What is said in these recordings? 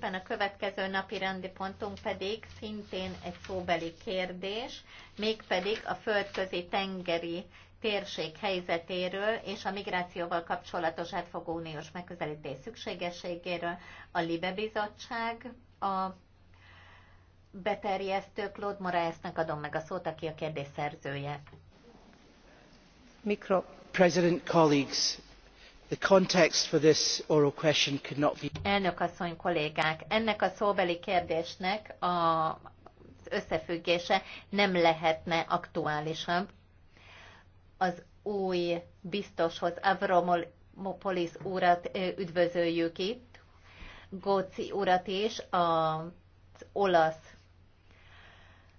Éppen a következő napi rendi pontunk pedig szintén egy szóbeli kérdés, mégpedig a földközi tengeri térség helyzetéről és a migrációval kapcsolatos átfogó uniós megközelítés szükségességéről. A Libe Bizottság a beterjesztő Claude Moraesnek adom meg a szót, aki a kérdés szerzője. Mikro. President, colleagues, Elnök asszony, kollégák, ennek a szóbeli kérdésnek az összefüggése nem lehetne aktuálisabb. Az új biztoshoz Avramopolis úrat üdvözöljük itt, Góci urat is, az olasz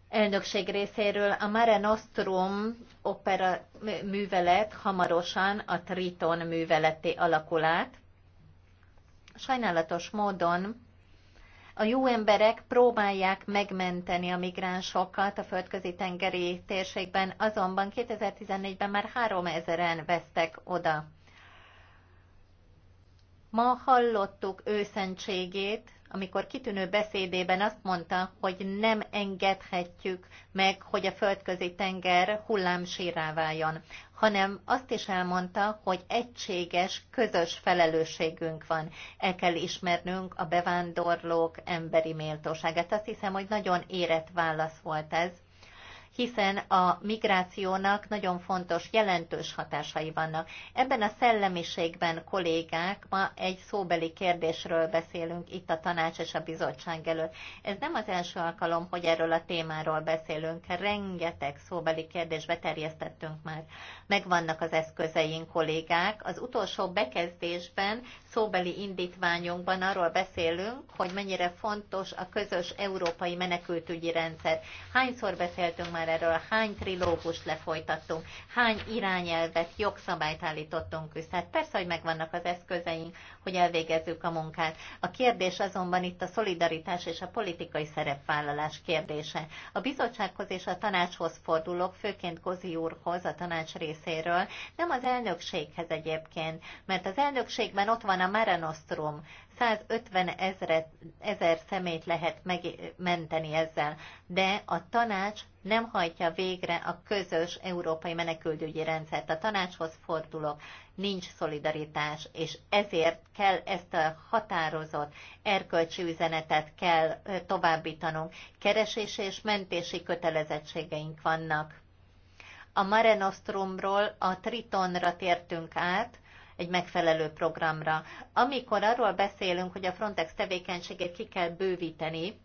elnökség részéről a Mare Nostrum opera művelet hamarosan a Triton műveleté alakul át. Sajnálatos módon a jó emberek próbálják megmenteni a migránsokat a földközi tengeri térségben, azonban 2014-ben már 3000-en vesztek oda. Ma hallottuk őszentségét amikor kitűnő beszédében azt mondta, hogy nem engedhetjük meg, hogy a földközi tenger hullámsírá váljon, hanem azt is elmondta, hogy egységes, közös felelősségünk van. El kell ismernünk a bevándorlók emberi méltóságát. Azt hiszem, hogy nagyon érett válasz volt ez hiszen a migrációnak nagyon fontos, jelentős hatásai vannak. Ebben a szellemiségben, kollégák, ma egy szóbeli kérdésről beszélünk itt a tanács és a bizottság előtt. Ez nem az első alkalom, hogy erről a témáról beszélünk. Rengeteg szóbeli kérdés beterjesztettünk már. Megvannak az eszközeink, kollégák. Az utolsó bekezdésben, szóbeli indítványunkban arról beszélünk, hogy mennyire fontos a közös európai menekültügyi rendszer. Hányszor beszéltünk már erről, hány trilógust lefolytattunk, hány irányelvet, jogszabályt állítottunk össze. Hát persze, hogy megvannak az eszközeink, hogy elvégezzük a munkát. A kérdés azonban itt a szolidaritás és a politikai szerepvállalás kérdése. A bizottsághoz és a tanácshoz fordulok, főként Gozi úrhoz a tanács részéről, nem az elnökséghez egyébként, mert az elnökségben ott van a Mare Nostrum 150 ezer ezer szemét lehet megmenteni ezzel, de a tanács nem hajtja végre a közös európai menekültügyi rendszert. A tanácshoz fordulok, nincs szolidaritás, és ezért kell ezt a határozott erkölcsi üzenetet kell továbbítanunk. Keresési és mentési kötelezettségeink vannak. A Mare Nostrumról a Tritonra tértünk át, egy megfelelő programra. Amikor arról beszélünk, hogy a Frontex tevékenységét ki kell bővíteni,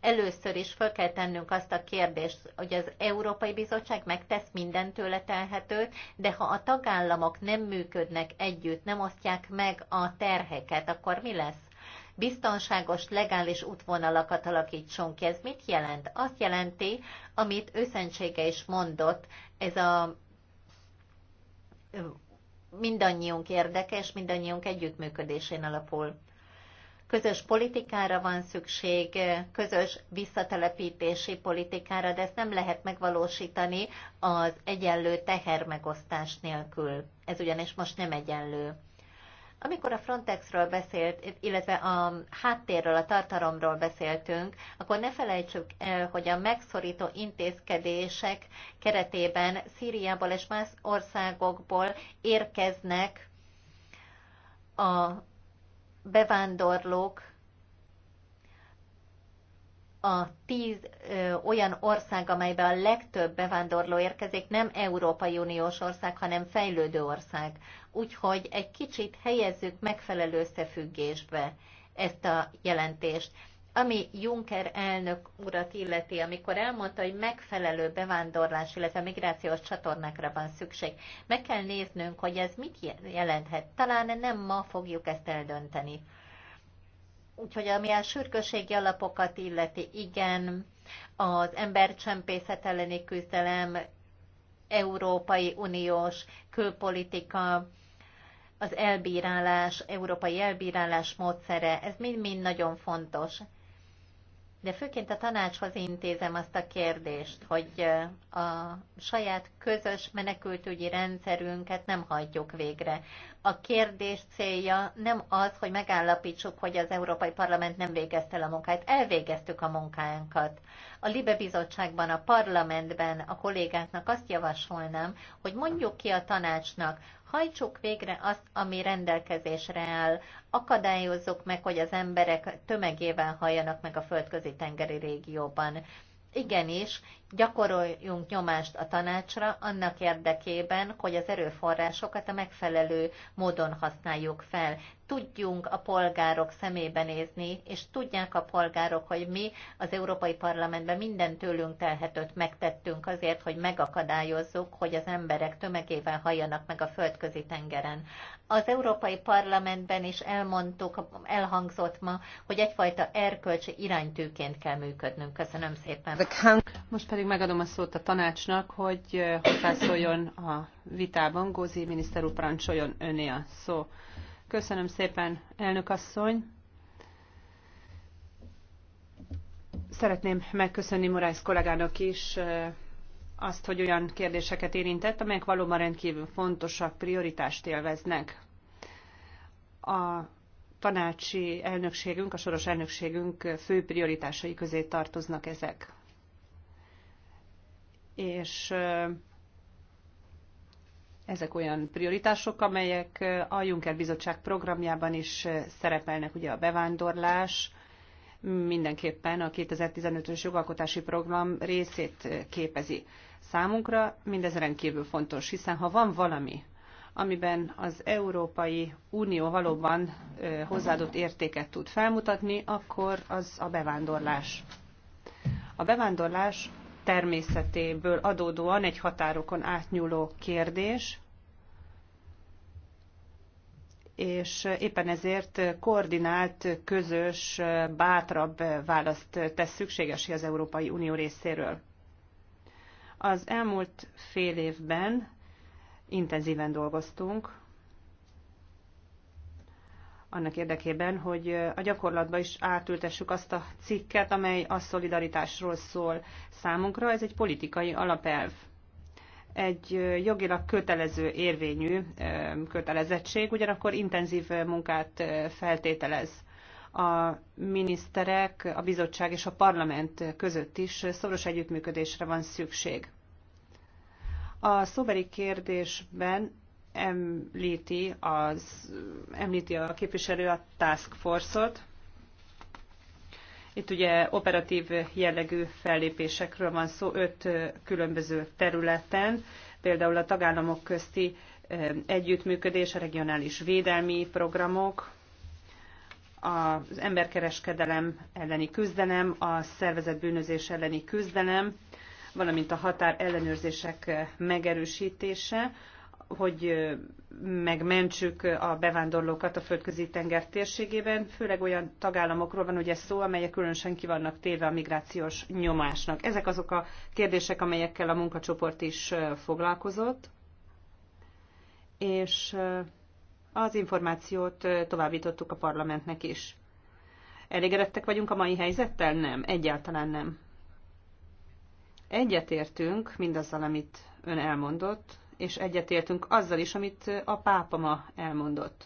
először is fel kell tennünk azt a kérdést, hogy az Európai Bizottság megtesz minden tőle telhetőt, de ha a tagállamok nem működnek együtt, nem osztják meg a terheket, akkor mi lesz? biztonságos, legális útvonalakat alakítson ki. Ez mit jelent? Azt jelenti, amit őszentsége is mondott, ez a mindannyiunk érdeke és mindannyiunk együttműködésén alapul. Közös politikára van szükség, közös visszatelepítési politikára, de ezt nem lehet megvalósítani az egyenlő tehermegosztás nélkül. Ez ugyanis most nem egyenlő. Amikor a Frontexről beszélt, illetve a háttérről, a tartalomról beszéltünk, akkor ne felejtsük el, hogy a megszorító intézkedések keretében Szíriából és más országokból érkeznek a bevándorlók a tíz ö, olyan ország, amelybe a legtöbb bevándorló érkezik, nem Európai Uniós ország, hanem fejlődő ország. Úgyhogy egy kicsit helyezzük megfelelő összefüggésbe ezt a jelentést. Ami Juncker elnök urat illeti, amikor elmondta, hogy megfelelő bevándorlás, illetve migrációs csatornákra van szükség, meg kell néznünk, hogy ez mit jelenthet. Talán nem ma fogjuk ezt eldönteni. Úgyhogy ami a sürgőségi alapokat illeti, igen, az embercsempészet elleni küzdelem, Európai Uniós külpolitika, az elbírálás, európai elbírálás módszere, ez mind-mind nagyon fontos. De főként a tanácshoz intézem azt a kérdést, hogy a saját közös menekültügyi rendszerünket nem hagyjuk végre. A kérdés célja nem az, hogy megállapítsuk, hogy az Európai Parlament nem végezte el a munkáját. Elvégeztük a munkánkat. A Libe Bizottságban, a parlamentben a kollégáknak azt javasolnám, hogy mondjuk ki a tanácsnak, hajtsuk végre azt, ami rendelkezésre áll, akadályozzuk meg, hogy az emberek tömegével halljanak meg a földközi tengeri régióban. Igenis, gyakoroljunk nyomást a tanácsra annak érdekében, hogy az erőforrásokat a megfelelő módon használjuk fel. Tudjunk a polgárok szemébe nézni, és tudják a polgárok, hogy mi az Európai Parlamentben minden tőlünk telhetőt megtettünk azért, hogy megakadályozzuk, hogy az emberek tömegével halljanak meg a földközi tengeren. Az Európai Parlamentben is elmondtuk, elhangzott ma, hogy egyfajta erkölcsi iránytűként kell működnünk. Köszönöm szépen. Most pedig pedig megadom a szót a tanácsnak, hogy hozzászóljon a vitában. Gózi miniszter úr parancsoljon öné a szó. Köszönöm szépen, elnök asszony. Szeretném megköszönni Morász kollégának is azt, hogy olyan kérdéseket érintett, amelyek valóban rendkívül fontosak, prioritást élveznek. A tanácsi elnökségünk, a soros elnökségünk fő prioritásai közé tartoznak ezek és ezek olyan prioritások, amelyek a Juncker Bizottság programjában is szerepelnek, ugye a bevándorlás, mindenképpen a 2015-ös jogalkotási program részét képezi. Számunkra mindez rendkívül fontos, hiszen ha van valami, amiben az Európai Unió valóban hozzáadott értéket tud felmutatni, akkor az a bevándorlás. A bevándorlás természetéből adódóan egy határokon átnyúló kérdés, és éppen ezért koordinált, közös, bátrabb választ tesz szükséges az Európai Unió részéről. Az elmúlt fél évben intenzíven dolgoztunk annak érdekében, hogy a gyakorlatba is átültessük azt a cikket, amely a szolidaritásról szól számunkra. Ez egy politikai alapelv egy jogilag kötelező érvényű kötelezettség, ugyanakkor intenzív munkát feltételez. A miniszterek, a bizottság és a parlament között is szoros együttműködésre van szükség. A szóbeli kérdésben említi, az, említi a képviselő a Task Force-ot. Itt ugye operatív jellegű fellépésekről van szó öt különböző területen, például a tagállamok közti együttműködés, a regionális védelmi programok, az emberkereskedelem elleni küzdelem, a szervezett bűnözés elleni küzdelem, valamint a határ ellenőrzések megerősítése, hogy megmentsük a bevándorlókat a földközi tenger térségében, főleg olyan tagállamokról van ugye szó, amelyek különösen ki vannak téve a migrációs nyomásnak. Ezek azok a kérdések, amelyekkel a munkacsoport is foglalkozott, és az információt továbbítottuk a parlamentnek is. Elégedettek vagyunk a mai helyzettel? Nem, egyáltalán nem. Egyetértünk mindazzal, amit ön elmondott, és egyetértünk azzal is, amit a pápa ma elmondott.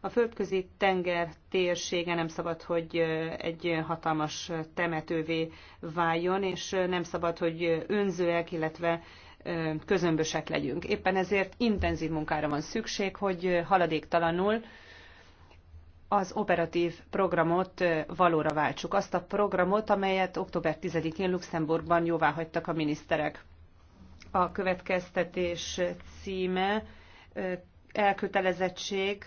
A földközi tenger térsége nem szabad, hogy egy hatalmas temetővé váljon, és nem szabad, hogy önzőek, illetve közömbösek legyünk. Éppen ezért intenzív munkára van szükség, hogy haladéktalanul az operatív programot valóra váltsuk. Azt a programot, amelyet október 10-én Luxemburgban jóvá hagytak a miniszterek. A következtetés címe elkötelezettség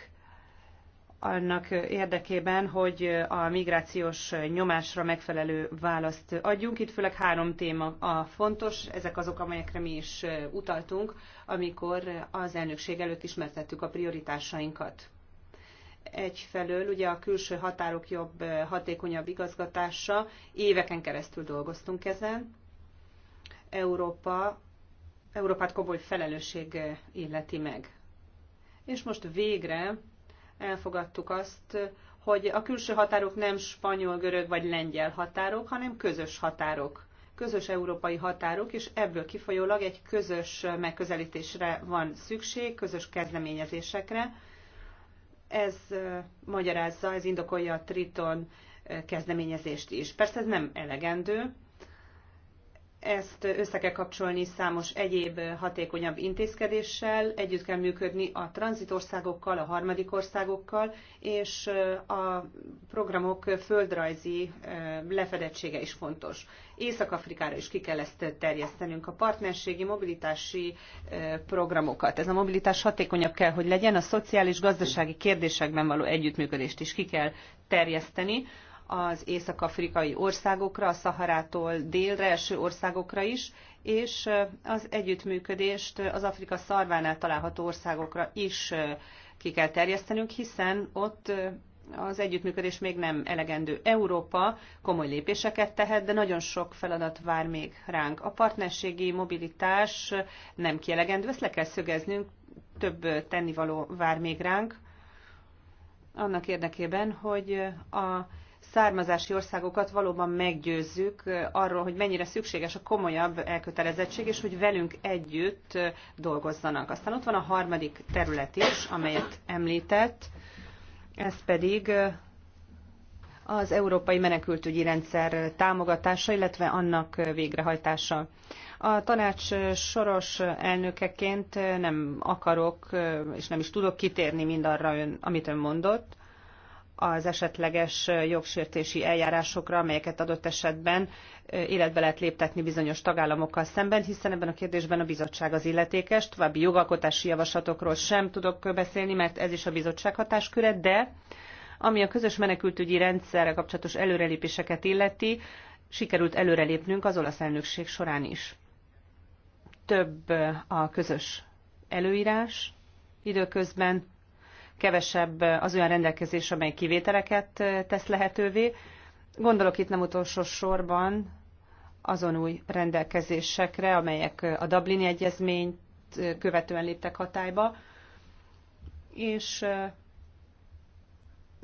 annak érdekében, hogy a migrációs nyomásra megfelelő választ adjunk. Itt főleg három téma a fontos, ezek azok, amelyekre mi is utaltunk, amikor az elnökség előtt ismertettük a prioritásainkat. Egyfelől ugye a külső határok jobb, hatékonyabb igazgatása, éveken keresztül dolgoztunk ezen. Európa Európát komoly felelősség eh, illeti meg. És most végre elfogadtuk azt, hogy a külső határok nem spanyol, görög vagy lengyel határok, hanem közös határok, közös európai határok, és ebből kifolyólag egy közös megközelítésre van szükség, közös kezdeményezésekre. Ez eh, magyarázza, ez indokolja a Triton eh, kezdeményezést is. Persze ez nem elegendő, ezt össze kell kapcsolni számos egyéb hatékonyabb intézkedéssel, együtt kell működni a tranzitországokkal, a harmadik országokkal, és a programok földrajzi lefedettsége is fontos. Észak-Afrikára is ki kell ezt terjesztenünk, a partnerségi mobilitási programokat. Ez a mobilitás hatékonyabb kell, hogy legyen, a szociális-gazdasági kérdésekben való együttműködést is ki kell terjeszteni, az észak-afrikai országokra, a Szaharától délre eső országokra is, és az együttműködést az Afrika szarvánál található országokra is ki kell terjesztenünk, hiszen ott az együttműködés még nem elegendő. Európa komoly lépéseket tehet, de nagyon sok feladat vár még ránk. A partnerségi mobilitás nem kielegendő, ezt le kell szögeznünk, több tennivaló vár még ránk, annak érdekében, hogy a származási országokat valóban meggyőzzük arról, hogy mennyire szükséges a komolyabb elkötelezettség, és hogy velünk együtt dolgozzanak. Aztán ott van a harmadik terület is, amelyet említett, ez pedig az európai menekültügyi rendszer támogatása, illetve annak végrehajtása. A tanács soros elnökeként nem akarok és nem is tudok kitérni mindarra, amit ön mondott, az esetleges jogsértési eljárásokra, amelyeket adott esetben életbe lehet léptetni bizonyos tagállamokkal szemben, hiszen ebben a kérdésben a bizottság az illetékes, további jogalkotási javaslatokról sem tudok beszélni, mert ez is a bizottság hatásköre, de ami a közös menekültügyi rendszerre kapcsolatos előrelépéseket illeti, sikerült előrelépnünk az olasz elnökség során is. Több a közös előírás, időközben kevesebb az olyan rendelkezés, amely kivételeket tesz lehetővé. Gondolok itt nem utolsó sorban azon új rendelkezésekre, amelyek a Dublini Egyezményt követően léptek hatályba, és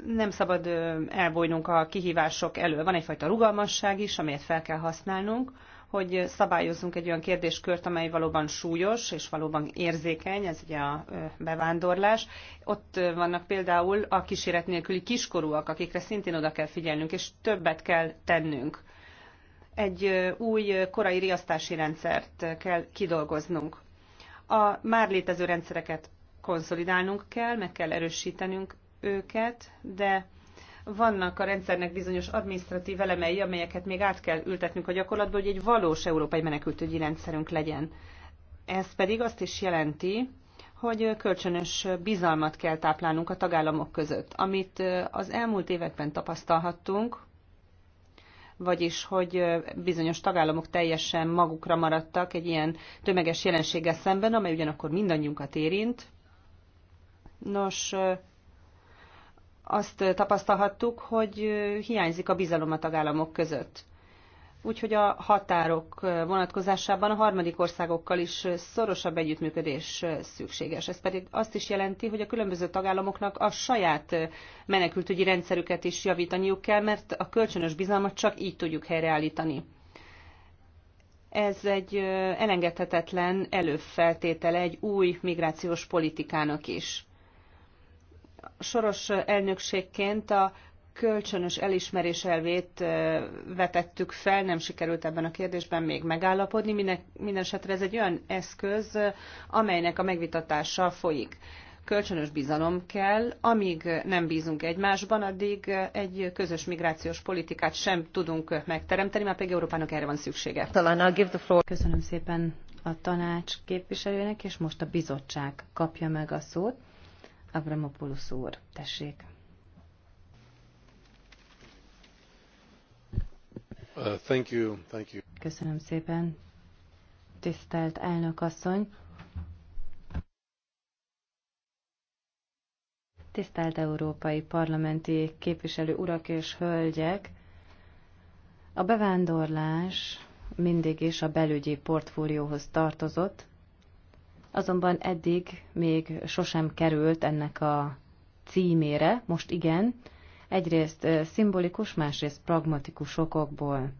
nem szabad elbújnunk a kihívások elől. Van egyfajta rugalmasság is, amelyet fel kell használnunk, hogy szabályozzunk egy olyan kérdéskört, amely valóban súlyos és valóban érzékeny, ez ugye a bevándorlás. Ott vannak például a kíséret nélküli kiskorúak, akikre szintén oda kell figyelnünk, és többet kell tennünk. Egy új korai riasztási rendszert kell kidolgoznunk. A már létező rendszereket konszolidálnunk kell, meg kell erősítenünk őket, de vannak a rendszernek bizonyos administratív elemei, amelyeket még át kell ültetnünk a gyakorlatba, hogy egy valós európai menekültügyi rendszerünk legyen. Ez pedig azt is jelenti, hogy kölcsönös bizalmat kell táplálnunk a tagállamok között. Amit az elmúlt években tapasztalhattunk, vagyis hogy bizonyos tagállamok teljesen magukra maradtak egy ilyen tömeges jelenséggel szemben, amely ugyanakkor mindannyiunkat érint. Nos, azt tapasztalhattuk, hogy hiányzik a bizalom a tagállamok között. Úgyhogy a határok vonatkozásában a harmadik országokkal is szorosabb együttműködés szükséges. Ez pedig azt is jelenti, hogy a különböző tagállamoknak a saját menekültügyi rendszerüket is javítaniuk kell, mert a kölcsönös bizalmat csak így tudjuk helyreállítani. Ez egy elengedhetetlen előfeltétele egy új migrációs politikának is soros elnökségként a kölcsönös elismerés elvét vetettük fel, nem sikerült ebben a kérdésben még megállapodni. Minden, esetre ez egy olyan eszköz, amelynek a megvitatása folyik. Kölcsönös bizalom kell, amíg nem bízunk egymásban, addig egy közös migrációs politikát sem tudunk megteremteni, mert pedig Európának erre van szüksége. Talán give the floor. Köszönöm szépen a tanács képviselőnek, és most a bizottság kapja meg a szót. Avramopoulos úr, tessék. Uh, thank you, thank you. Köszönöm szépen. Tisztelt elnök asszony, Tisztelt európai parlamenti képviselő urak és hölgyek! A bevándorlás mindig is a belügyi portfólióhoz tartozott, azonban eddig még sosem került ennek a címére, most igen, egyrészt szimbolikus, másrészt pragmatikus okokból.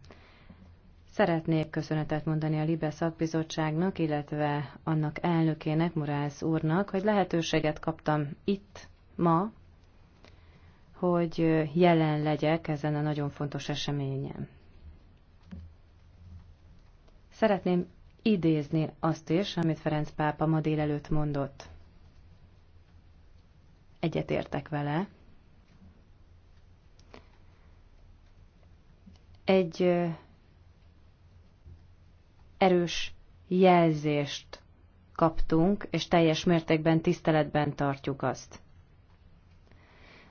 Szeretnék köszönetet mondani a Libe szakbizottságnak, illetve annak elnökének, Murász úrnak, hogy lehetőséget kaptam itt, ma, hogy jelen legyek ezen a nagyon fontos eseményen. Szeretném idézni azt is, amit Ferenc pápa ma délelőtt mondott. Egyetértek vele. Egy erős jelzést kaptunk, és teljes mértékben tiszteletben tartjuk azt.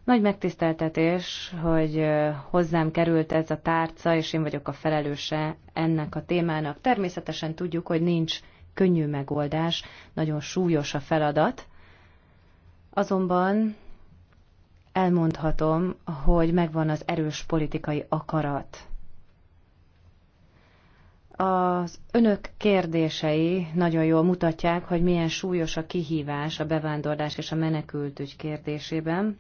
Nagy megtiszteltetés, hogy hozzám került ez a tárca, és én vagyok a felelőse ennek a témának. Természetesen tudjuk, hogy nincs könnyű megoldás, nagyon súlyos a feladat. Azonban elmondhatom, hogy megvan az erős politikai akarat. Az önök kérdései nagyon jól mutatják, hogy milyen súlyos a kihívás a bevándorlás és a menekültügy kérdésében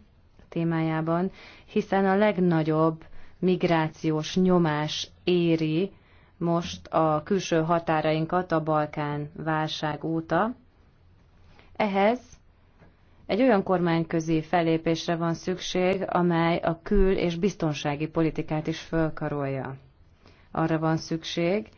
témájában, hiszen a legnagyobb migrációs nyomás éri most a külső határainkat a Balkán válság óta. Ehhez egy olyan kormányközi fellépésre van szükség, amely a kül- és biztonsági politikát is fölkarolja. Arra van szükség,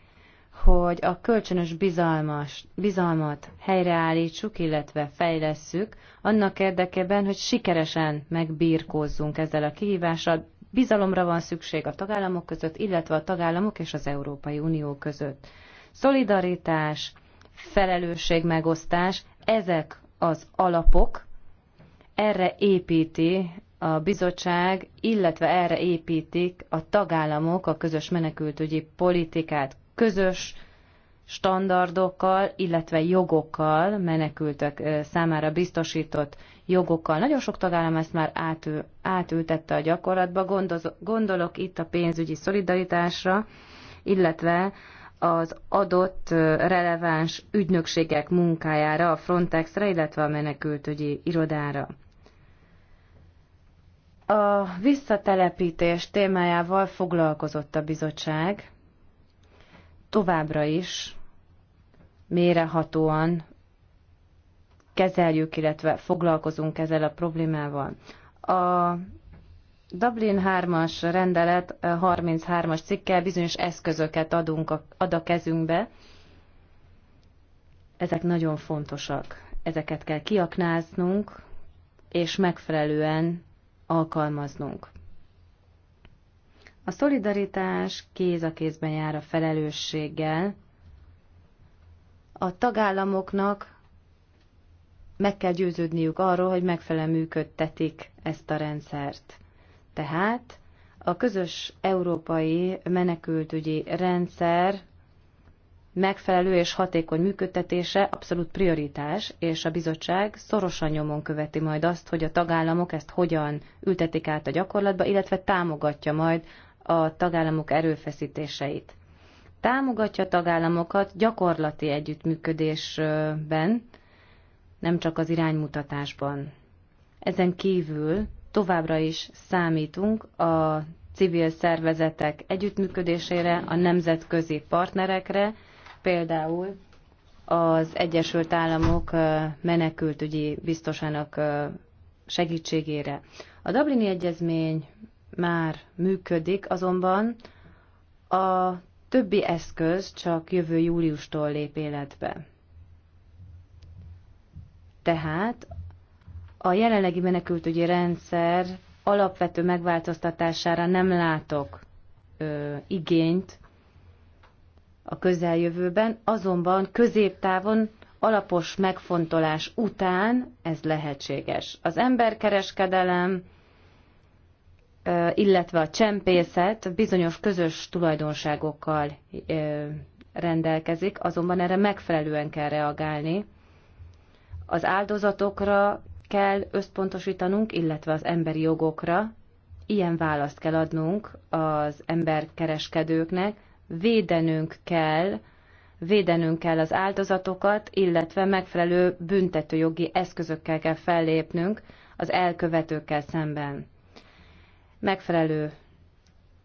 hogy a kölcsönös bizalmas, bizalmat helyreállítsuk, illetve fejlesszük, annak érdekében, hogy sikeresen megbírkózzunk ezzel a kihívással. Bizalomra van szükség a tagállamok között, illetve a tagállamok és az Európai Unió között. Szolidaritás, felelősségmegosztás, ezek az alapok, erre építi a bizottság, illetve erre építik a tagállamok a közös menekültügyi politikát közös standardokkal, illetve jogokkal, menekültek számára biztosított jogokkal. Nagyon sok tagállam ezt már átül, átültette a gyakorlatba. gondolok itt a pénzügyi szolidaritásra, illetve az adott releváns ügynökségek munkájára, a Frontexre, illetve a menekültügyi irodára. A visszatelepítés témájával foglalkozott a bizottság, továbbra is mérehatóan kezeljük, illetve foglalkozunk ezzel a problémával. A Dublin 3-as rendelet 33-as cikkel bizonyos eszközöket adunk a, ad a kezünkbe. Ezek nagyon fontosak. Ezeket kell kiaknáznunk, és megfelelően alkalmaznunk. A szolidaritás kéz a kézben jár a felelősséggel. A tagállamoknak meg kell győződniük arról, hogy megfelelően működtetik ezt a rendszert. Tehát a közös európai menekültügyi rendszer megfelelő és hatékony működtetése abszolút prioritás, és a bizottság szorosan nyomon követi majd azt, hogy a tagállamok ezt hogyan ültetik át a gyakorlatba, illetve támogatja majd a tagállamok erőfeszítéseit. Támogatja a tagállamokat gyakorlati együttműködésben, nem csak az iránymutatásban. Ezen kívül továbbra is számítunk a civil szervezetek együttműködésére, a nemzetközi partnerekre, például az Egyesült Államok menekültügyi biztosának segítségére. A Dublini Egyezmény már működik, azonban a többi eszköz csak jövő júliustól lép életbe. Tehát a jelenlegi menekültügyi rendszer alapvető megváltoztatására nem látok ö, igényt a közeljövőben, azonban középtávon alapos megfontolás után ez lehetséges. Az emberkereskedelem, illetve a csempészet bizonyos közös tulajdonságokkal rendelkezik, azonban erre megfelelően kell reagálni. Az áldozatokra kell összpontosítanunk, illetve az emberi jogokra. Ilyen választ kell adnunk az emberkereskedőknek, védenünk kell, védenünk kell az áldozatokat, illetve megfelelő büntetőjogi eszközökkel kell fellépnünk az elkövetőkkel szemben megfelelő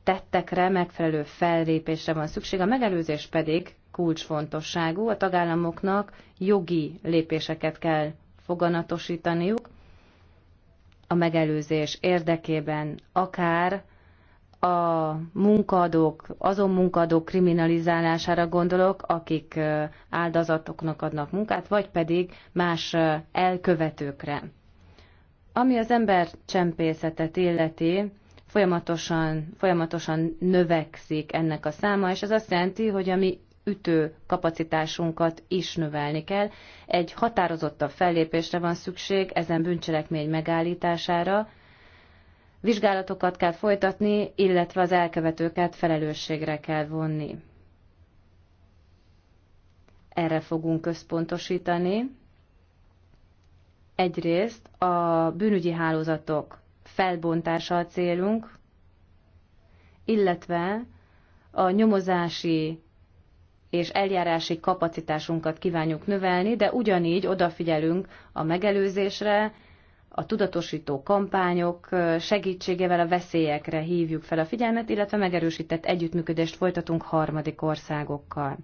tettekre, megfelelő fellépésre van szükség, a megelőzés pedig kulcsfontosságú, a tagállamoknak jogi lépéseket kell foganatosítaniuk a megelőzés érdekében, akár a munkadók, azon munkadók kriminalizálására gondolok, akik áldozatoknak adnak munkát, vagy pedig más elkövetőkre. Ami az ember csempészetet illeti, folyamatosan, folyamatosan növekszik ennek a száma, és ez azt jelenti, hogy ami ütő kapacitásunkat is növelni kell. Egy határozottabb fellépésre van szükség ezen bűncselekmény megállítására, vizsgálatokat kell folytatni, illetve az elkövetőket felelősségre kell vonni. Erre fogunk központosítani. Egyrészt a bűnügyi hálózatok felbontása a célunk, illetve a nyomozási és eljárási kapacitásunkat kívánjuk növelni, de ugyanígy odafigyelünk a megelőzésre, a tudatosító kampányok segítségével a veszélyekre hívjuk fel a figyelmet, illetve megerősített együttműködést folytatunk harmadik országokkal.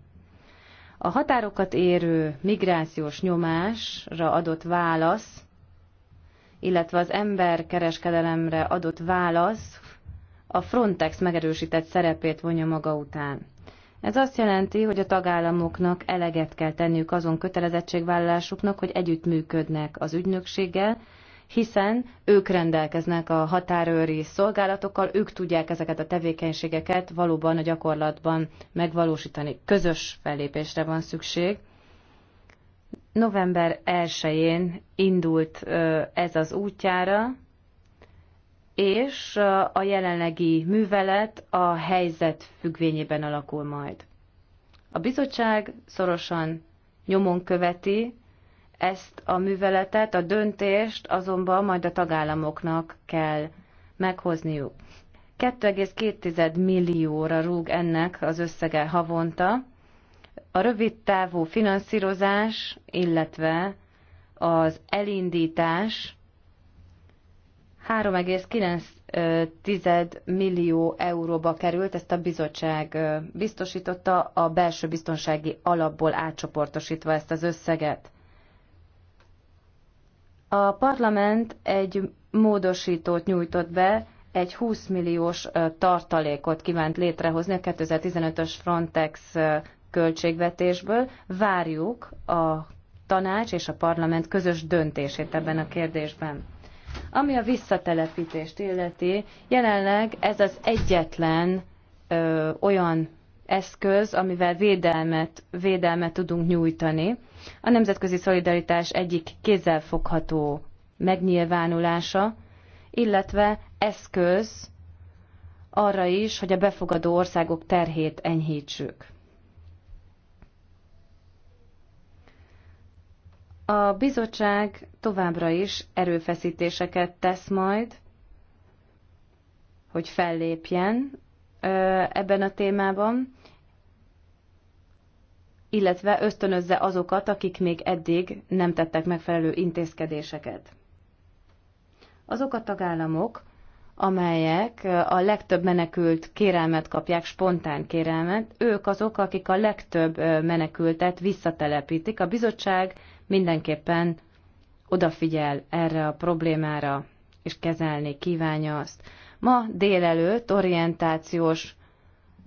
A határokat érő migrációs nyomásra adott válasz illetve az ember kereskedelemre adott válasz a Frontex megerősített szerepét vonja maga után. Ez azt jelenti, hogy a tagállamoknak eleget kell tenniük azon kötelezettségvállalásuknak, hogy együttműködnek az ügynökséggel, hiszen ők rendelkeznek a határőri szolgálatokkal, ők tudják ezeket a tevékenységeket valóban a gyakorlatban megvalósítani. Közös fellépésre van szükség. November 1-én indult ez az útjára, és a jelenlegi művelet a helyzet függvényében alakul majd. A bizottság szorosan nyomon követi ezt a műveletet, a döntést azonban majd a tagállamoknak kell meghozniuk. 2,2 millióra rúg ennek az összege havonta, a rövid távú finanszírozás, illetve az elindítás 3,9 millió euróba került, ezt a bizottság biztosította a belső biztonsági alapból átcsoportosítva ezt az összeget. A parlament egy módosítót nyújtott be, egy 20 milliós tartalékot kívánt létrehozni a 2015-ös Frontex költségvetésből. Várjuk a tanács és a parlament közös döntését ebben a kérdésben. Ami a visszatelepítést illeti, jelenleg ez az egyetlen ö, olyan eszköz, amivel védelmet, védelmet tudunk nyújtani. A nemzetközi szolidaritás egyik kézzelfogható megnyilvánulása, illetve eszköz arra is, hogy a befogadó országok terhét enyhítsük. A bizottság továbbra is erőfeszítéseket tesz majd, hogy fellépjen ebben a témában, illetve ösztönözze azokat, akik még eddig nem tettek megfelelő intézkedéseket. Azok a tagállamok, amelyek a legtöbb menekült kérelmet kapják, spontán kérelmet, ők azok, akik a legtöbb menekültet visszatelepítik. A bizottság mindenképpen odafigyel erre a problémára, és kezelni kívánja azt. Ma délelőtt orientációs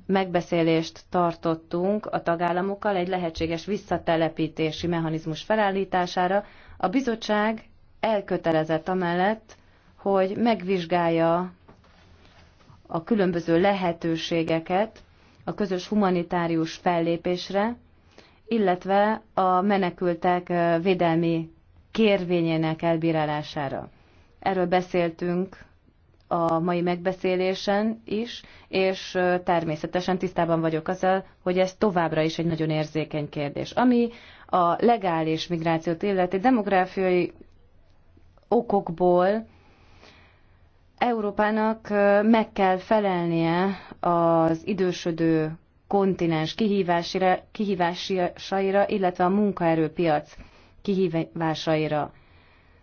megbeszélést tartottunk a tagállamokkal egy lehetséges visszatelepítési mechanizmus felállítására. A bizottság elkötelezett amellett, hogy megvizsgálja a különböző lehetőségeket a közös humanitárius fellépésre, illetve a menekültek védelmi kérvényének elbírálására. Erről beszéltünk a mai megbeszélésen is, és természetesen tisztában vagyok azzal, hogy ez továbbra is egy nagyon érzékeny kérdés. Ami a legális migrációt illeti demográfiai okokból Európának meg kell felelnie az idősödő kontinens kihívásaira, illetve a munkaerőpiac kihívásaira.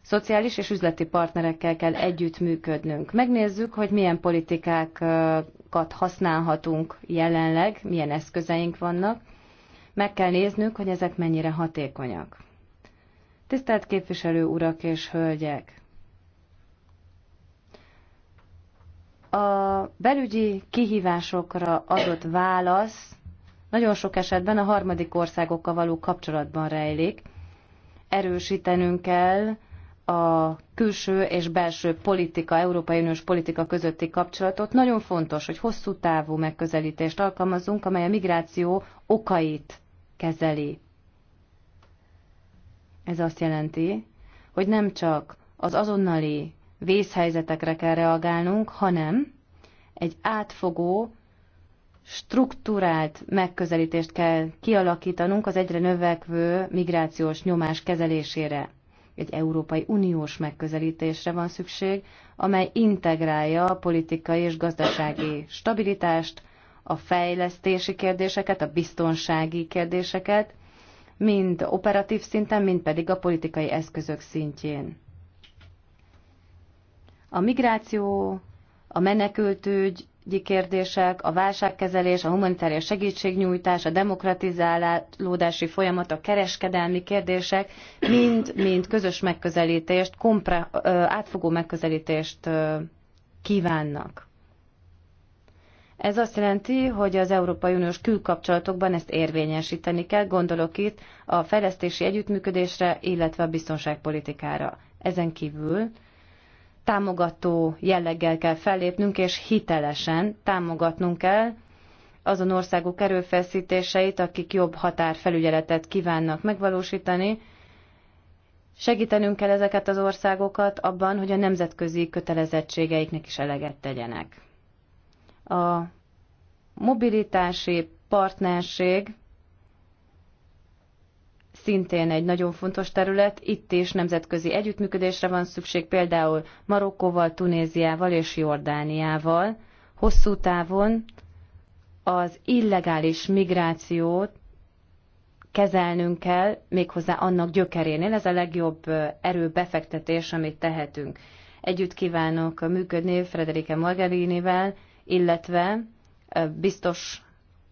Szociális és üzleti partnerekkel kell együttműködnünk. Megnézzük, hogy milyen politikákat használhatunk jelenleg, milyen eszközeink vannak. Meg kell néznünk, hogy ezek mennyire hatékonyak. Tisztelt képviselő urak és hölgyek! A belügyi kihívásokra adott válasz nagyon sok esetben a harmadik országokkal való kapcsolatban rejlik. Erősítenünk kell a külső és belső politika, Európai Uniós politika közötti kapcsolatot. Nagyon fontos, hogy hosszú távú megközelítést alkalmazunk, amely a migráció okait kezeli. Ez azt jelenti, hogy nem csak az azonnali vészhelyzetekre kell reagálnunk, hanem egy átfogó, strukturált megközelítést kell kialakítanunk az egyre növekvő migrációs nyomás kezelésére. Egy Európai Uniós megközelítésre van szükség, amely integrálja a politikai és gazdasági stabilitást, a fejlesztési kérdéseket, a biztonsági kérdéseket, mind operatív szinten, mind pedig a politikai eszközök szintjén. A migráció, a menekültügyi kérdések, a válságkezelés, a humanitárius segítségnyújtás, a demokratizálódási folyamat, a kereskedelmi kérdések mind-mind közös megközelítést, kompre, átfogó megközelítést kívánnak. Ez azt jelenti, hogy az Európai Uniós külkapcsolatokban ezt érvényesíteni kell, gondolok itt a fejlesztési együttműködésre, illetve a biztonságpolitikára. Ezen kívül támogató jelleggel kell fellépnünk, és hitelesen támogatnunk kell azon országok erőfeszítéseit, akik jobb határfelügyeletet kívánnak megvalósítani. Segítenünk kell ezeket az országokat abban, hogy a nemzetközi kötelezettségeiknek is eleget tegyenek. A mobilitási partnerség szintén egy nagyon fontos terület. Itt is nemzetközi együttműködésre van szükség, például Marokkóval, Tunéziával és Jordániával. Hosszú távon az illegális migrációt kezelnünk kell, méghozzá annak gyökerénél. Ez a legjobb erőbefektetés, amit tehetünk. Együtt kívánok működni Frederike Margarinivel, illetve biztos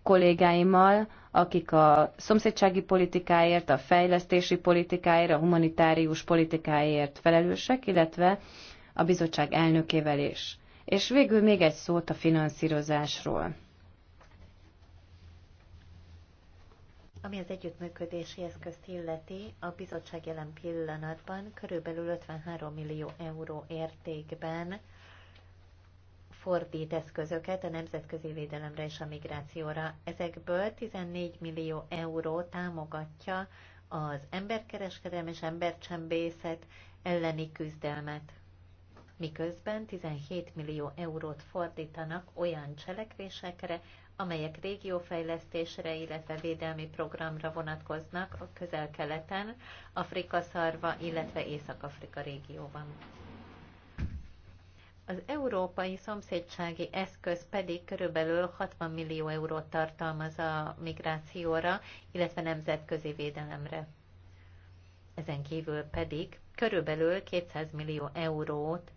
kollégáimmal, akik a szomszédsági politikáért, a fejlesztési politikáért, a humanitárius politikáért felelősek, illetve a bizottság elnökével is. És végül még egy szót a finanszírozásról. Ami az együttműködési eszközt illeti, a bizottság jelen pillanatban körülbelül 53 millió euró értékben fordít eszközöket a nemzetközi védelemre és a migrációra. Ezekből 14 millió euró támogatja az emberkereskedelem és embercsembészet elleni küzdelmet. Miközben 17 millió eurót fordítanak olyan cselekvésekre, amelyek régiófejlesztésre, illetve védelmi programra vonatkoznak a közel-keleten, Afrika szarva, illetve Észak-Afrika régióban. Az európai szomszédsági eszköz pedig körülbelül 60 millió eurót tartalmaz a migrációra, illetve nemzetközi védelemre. Ezen kívül pedig körülbelül 200 millió eurót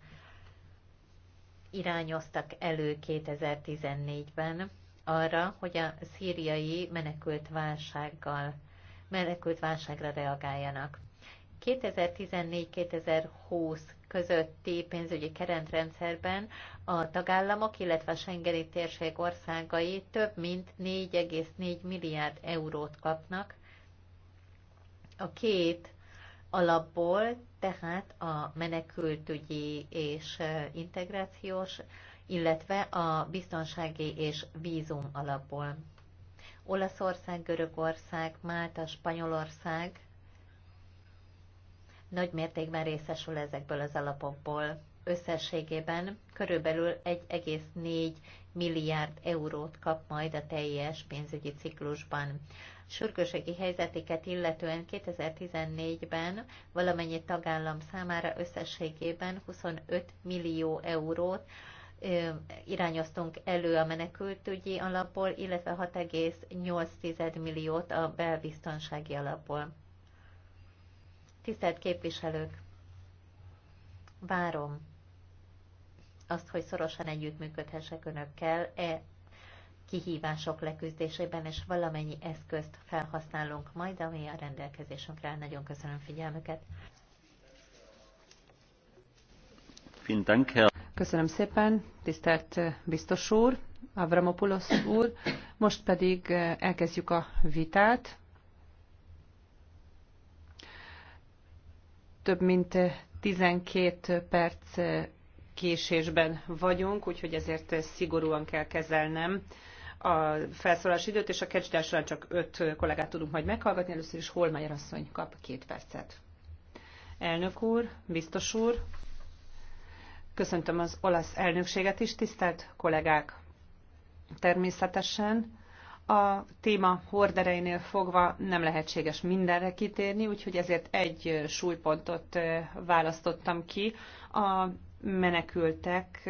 irányoztak elő 2014-ben arra, hogy a szíriai menekült válsággal, menekült válságra reagáljanak. 2014-2020 közötti pénzügyi keretrendszerben a tagállamok, illetve a Schengeni térség országai több mint 4,4 milliárd eurót kapnak. A két alapból, tehát a menekültügyi és integrációs, illetve a biztonsági és vízum alapból. Olaszország, Görögország, Málta, Spanyolország nagy mértékben részesül ezekből az alapokból. Összességében körülbelül 1,4 milliárd eurót kap majd a teljes pénzügyi ciklusban. Sürgőségi helyzetéket illetően 2014-ben valamennyi tagállam számára összességében 25 millió eurót irányoztunk elő a menekültügyi alapból, illetve 6,8 milliót a belbiztonsági alapból. Tisztelt képviselők! Várom azt, hogy szorosan együttműködhessek önökkel e kihívások leküzdésében, és valamennyi eszközt felhasználunk majd, ami a rendelkezésünkre áll. Nagyon köszönöm figyelmüket! Köszönöm szépen, tisztelt eh, biztos úr, Avramopoulos úr. Most pedig eh, elkezdjük a vitát. több mint 12 perc késésben vagyunk, úgyhogy ezért szigorúan kell kezelnem a felszólalás időt, és a kecsdásra csak öt kollégát tudunk majd meghallgatni. Először is Holmeyer asszony kap két percet. Elnök úr, biztos úr, köszöntöm az olasz elnökséget is, tisztelt kollégák! Természetesen a téma hordereinél fogva nem lehetséges mindenre kitérni, úgyhogy ezért egy súlypontot választottam ki a menekültek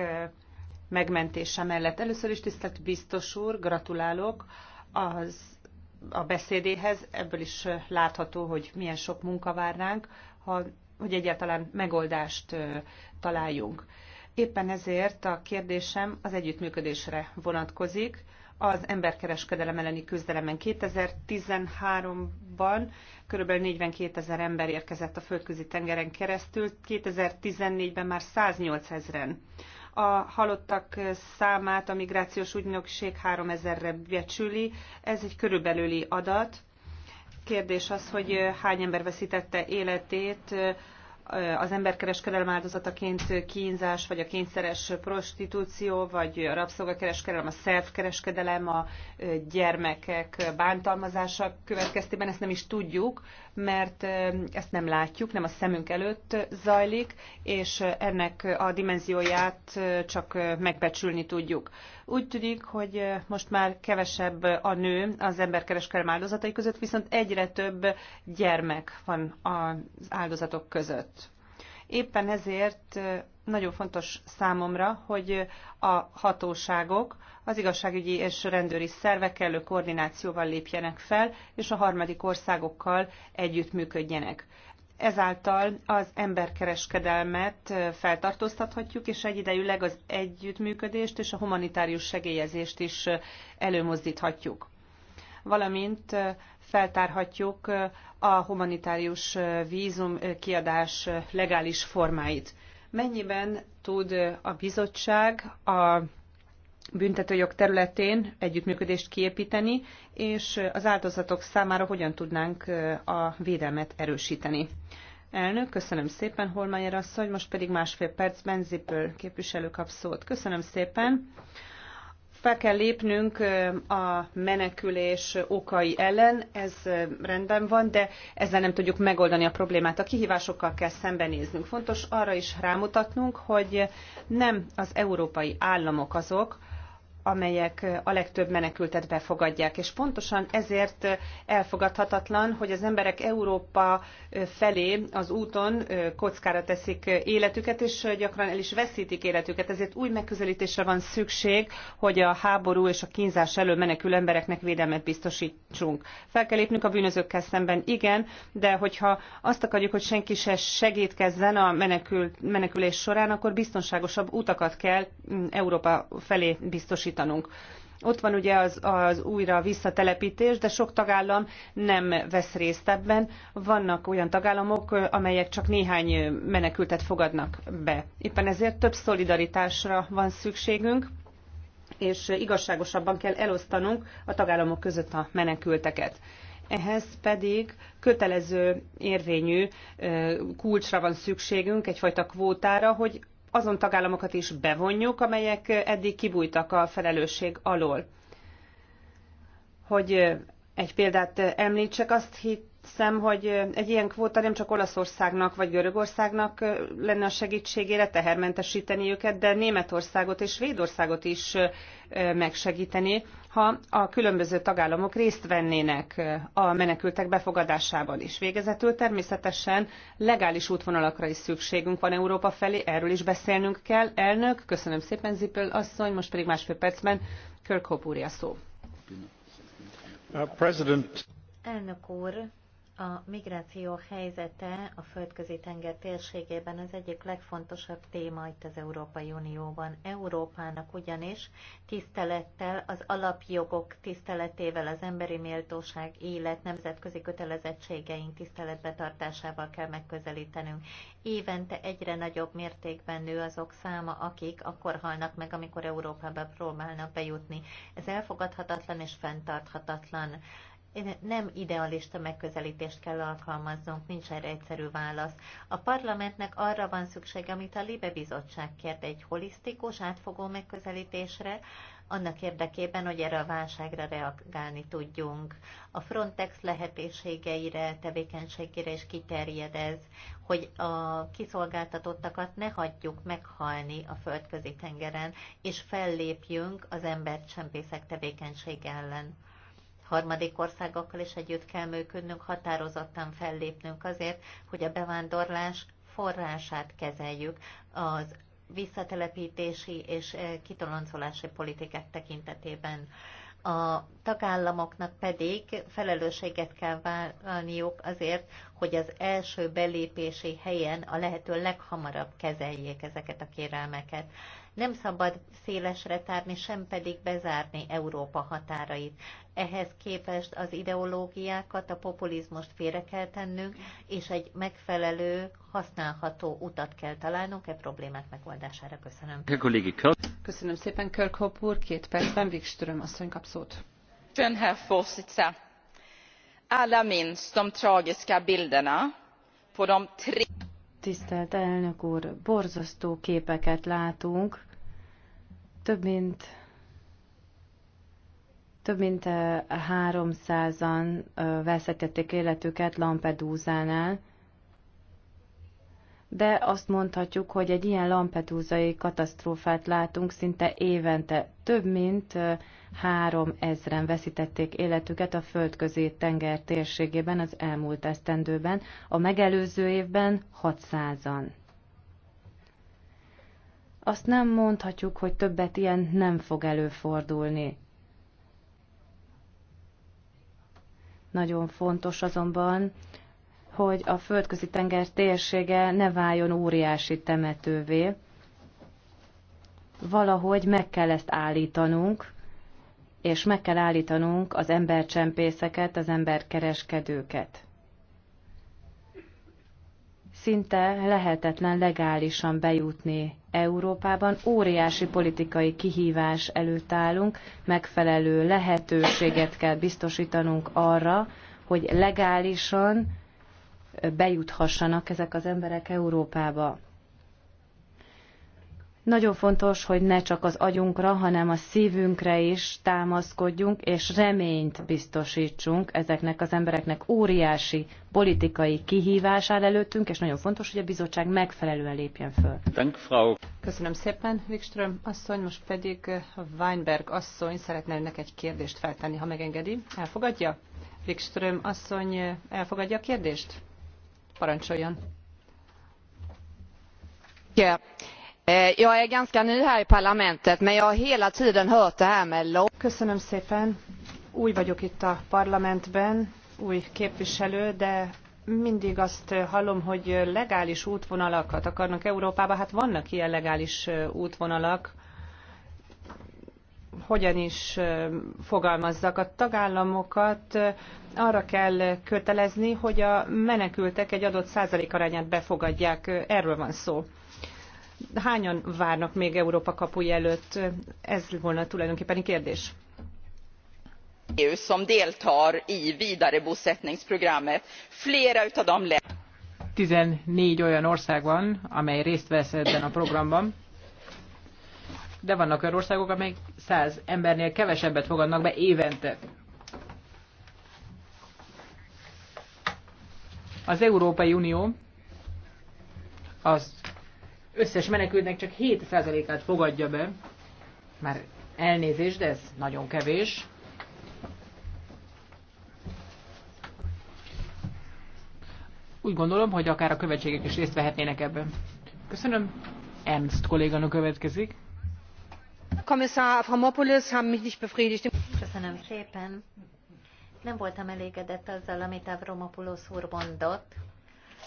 megmentése mellett. Először is tisztelt biztos úr, gratulálok az a beszédéhez, ebből is látható, hogy milyen sok munka vár ránk, ha, hogy egyáltalán megoldást találjunk. Éppen ezért a kérdésem az együttműködésre vonatkozik az emberkereskedelem elleni küzdelemen. 2013-ban kb. 42 ezer ember érkezett a földközi tengeren keresztül, 2014-ben már 108 ezeren. A halottak számát a migrációs ügynökség 3000-re becsüli, ez egy körülbelüli adat. Kérdés az, hogy hány ember veszítette életét, az emberkereskedelem áldozataként kínzás, vagy a kényszeres prostitúció, vagy a rabszolgakereskedelem, a szervkereskedelem, a gyermekek bántalmazása következtében, ezt nem is tudjuk, mert ezt nem látjuk, nem a szemünk előtt zajlik, és ennek a dimenzióját csak megbecsülni tudjuk. Úgy tűnik, hogy most már kevesebb a nő az emberkereskedelem áldozatai között, viszont egyre több gyermek van az áldozatok között. Éppen ezért nagyon fontos számomra, hogy a hatóságok, az igazságügyi és rendőri szervek kellő koordinációval lépjenek fel, és a harmadik országokkal együttműködjenek. Ezáltal az emberkereskedelmet feltartóztathatjuk, és egyidejűleg az együttműködést és a humanitárius segélyezést is előmozdíthatjuk. Valamint feltárhatjuk a humanitárius vízum kiadás legális formáit. Mennyiben tud a bizottság a büntetőjog területén együttműködést kiépíteni, és az áldozatok számára hogyan tudnánk a védelmet erősíteni. Elnök, köszönöm szépen, Holmeyer asszony, most pedig másfél percben Zippel képviselő kap szót. Köszönöm szépen. Fel kell lépnünk a menekülés okai ellen, ez rendben van, de ezzel nem tudjuk megoldani a problémát. A kihívásokkal kell szembenéznünk. Fontos arra is rámutatnunk, hogy nem az európai államok azok, amelyek a legtöbb menekültet befogadják. És pontosan ezért elfogadhatatlan, hogy az emberek Európa felé az úton kockára teszik életüket, és gyakran el is veszítik életüket. Ezért új megközelítésre van szükség, hogy a háború és a kínzás elől menekül embereknek védelmet biztosítsunk. Fel kell lépnünk a bűnözőkkel szemben, igen, de hogyha azt akarjuk, hogy senki se segítkezzen a menekül, menekülés során, akkor biztonságosabb utakat kell mm, Európa felé biztosítani megvalósítanunk. Ott van ugye az, az újra visszatelepítés, de sok tagállam nem vesz részt ebben. Vannak olyan tagállamok, amelyek csak néhány menekültet fogadnak be. Éppen ezért több szolidaritásra van szükségünk, és igazságosabban kell elosztanunk a tagállamok között a menekülteket ehhez pedig kötelező érvényű kulcsra van szükségünk, egyfajta kvótára, hogy azon tagállamokat is bevonjuk, amelyek eddig kibújtak a felelősség alól. Hogy egy példát említsek, azt hitt, hiszem, hogy egy ilyen kvóta nem csak Olaszországnak vagy Görögországnak lenne a segítségére tehermentesíteni őket, de Németországot és Svédországot is megsegíteni, ha a különböző tagállamok részt vennének a menekültek befogadásában is. Végezetül természetesen legális útvonalakra is szükségünk van Európa felé, erről is beszélnünk kell. Elnök, köszönöm szépen Zipöl asszony, most pedig másfél percben Kirkhope úr szó. Uh, President. Elnök úr, a migráció helyzete a földközi tenger térségében az egyik legfontosabb téma itt az Európai Unióban. Európának ugyanis tisztelettel, az alapjogok tiszteletével, az emberi méltóság, élet, nemzetközi kötelezettségeink tartásával kell megközelítenünk. Évente egyre nagyobb mértékben nő azok száma, akik akkor halnak meg, amikor Európába próbálnak bejutni. Ez elfogadhatatlan és fenntarthatatlan nem idealista megközelítést kell alkalmaznunk, nincs erre egyszerű válasz. A parlamentnek arra van szüksége, amit a Libe Bizottság kért, egy holisztikus, átfogó megközelítésre, annak érdekében, hogy erre a válságra reagálni tudjunk. A Frontex lehetőségeire, tevékenységére is kiterjed ez, hogy a kiszolgáltatottakat ne hagyjuk meghalni a földközi tengeren, és fellépjünk az embercsempészek tevékenysége ellen harmadik országokkal is együtt kell működnünk, határozottan fellépnünk azért, hogy a bevándorlás forrását kezeljük az visszatelepítési és eh, kitoloncolási politikák tekintetében. A tagállamoknak pedig felelősséget kell vállalniuk azért, hogy az első belépési helyen a lehető leghamarabb kezeljék ezeket a kérelmeket. Nem szabad szélesre tárni, sem pedig bezárni Európa határait. Ehhez képest az ideológiákat, a populizmust félre kell tennünk, és egy megfelelő, használható utat kell találnunk e problémák megoldására. Köszönöm. Köszönöm szépen, Kirkhope úr. Két percben Wikström asszony kap szót. Herr Alla minst de tragiska bilderna på de tre Tisztelt elnök úr, borzasztó képeket látunk. Több mint több mint eh, háromszázan an eh, veszítették életüket Lampedúzánál de azt mondhatjuk, hogy egy ilyen lampedúzai katasztrófát látunk szinte évente. Több mint három ezren veszítették életüket a földközi tenger térségében az elmúlt esztendőben, a megelőző évben 600-an. Azt nem mondhatjuk, hogy többet ilyen nem fog előfordulni. Nagyon fontos azonban, hogy a földközi tenger térsége ne váljon óriási temetővé. Valahogy meg kell ezt állítanunk, és meg kell állítanunk az embercsempészeket, az emberkereskedőket. Szinte lehetetlen legálisan bejutni Európában. Óriási politikai kihívás előtt állunk, megfelelő lehetőséget kell biztosítanunk arra, hogy legálisan bejuthassanak ezek az emberek Európába. Nagyon fontos, hogy ne csak az agyunkra, hanem a szívünkre is támaszkodjunk, és reményt biztosítsunk ezeknek az embereknek. Óriási politikai kihívás áll előttünk, és nagyon fontos, hogy a bizottság megfelelően lépjen föl. Dank, Frau. Köszönöm szépen, Wikström asszony. Most pedig Weinberg asszony szeretne önnek egy kérdést feltenni, ha megengedi. Elfogadja? Wikström asszony elfogadja a kérdést? Parancsoljon! Eh, jag är ganska ny här i parlamentet, men jag har hela tiden hört det här med Köszönöm szépen. Új vagyok itt a parlamentben, új képviselő, de mindig azt eh, hallom, hogy eh, legális útvonalakat akarnak Európába. Hát vannak ilyen legális útvonalak, hogyan is fogalmazzak a tagállamokat, arra kell kötelezni, hogy a menekültek egy adott százalék arányát befogadják. Erről van szó. Hányan várnak még Európa kapuj előtt? Ez volna tulajdonképpen a kérdés. EU som deltar i vidarebosättningsprogrammet. Flera utadom le. 14 olyan ország van, amely részt vesz ebben a programban de vannak olyan országok, amelyek 100 embernél kevesebbet fogadnak be évente. Az Európai Unió az összes menekültnek csak 7%-át fogadja be, már elnézés, de ez nagyon kevés. Úgy gondolom, hogy akár a követségek is részt vehetnének ebben. Köszönöm. Ernst kolléganő következik. Kommissar Avramopoulos haben mich nicht befriedigt. Nem voltam elégedett azzal, amit Avramopoulos úr mondott.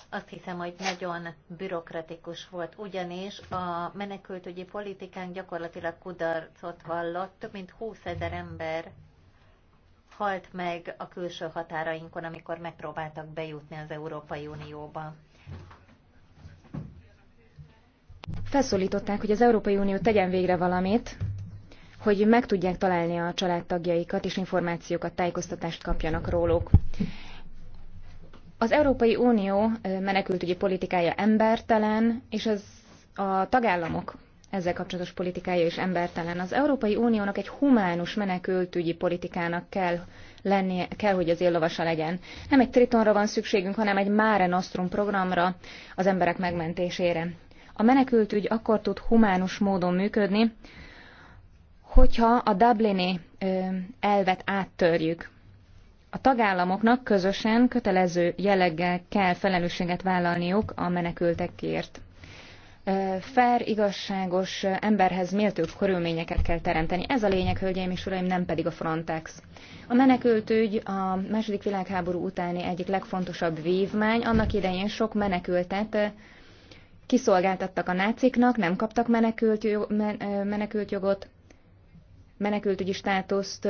Azt hiszem, hogy nagyon bürokratikus volt, ugyanis a menekültügyi politikánk gyakorlatilag kudarcot vallott, több mint 20 ezer ember halt meg a külső határainkon, amikor megpróbáltak bejutni az Európai Unióba felszólították, hogy az Európai Unió tegyen végre valamit, hogy meg tudják találni a családtagjaikat, és információkat, tájékoztatást kapjanak róluk. Az Európai Unió menekültügyi politikája embertelen, és az a tagállamok ezzel kapcsolatos politikája is embertelen. Az Európai Uniónak egy humánus menekültügyi politikának kell lennie, kell, hogy az éllovasa legyen. Nem egy tritonra van szükségünk, hanem egy Mare Nostrum programra, az emberek megmentésére. A menekültügy akkor tud humánus módon működni, hogyha a Dublini elvet áttörjük. A tagállamoknak közösen kötelező jelleggel kell felelősséget vállalniuk a menekültekért. Fair, igazságos, emberhez méltó körülményeket kell teremteni. Ez a lényeg, hölgyeim és uraim, nem pedig a Frontex. A menekültügy a második világháború utáni egyik legfontosabb vívmány. Annak idején sok menekültet kiszolgáltattak a náciknak, nem kaptak menekült, menekült jogot, menekültügyi státuszt,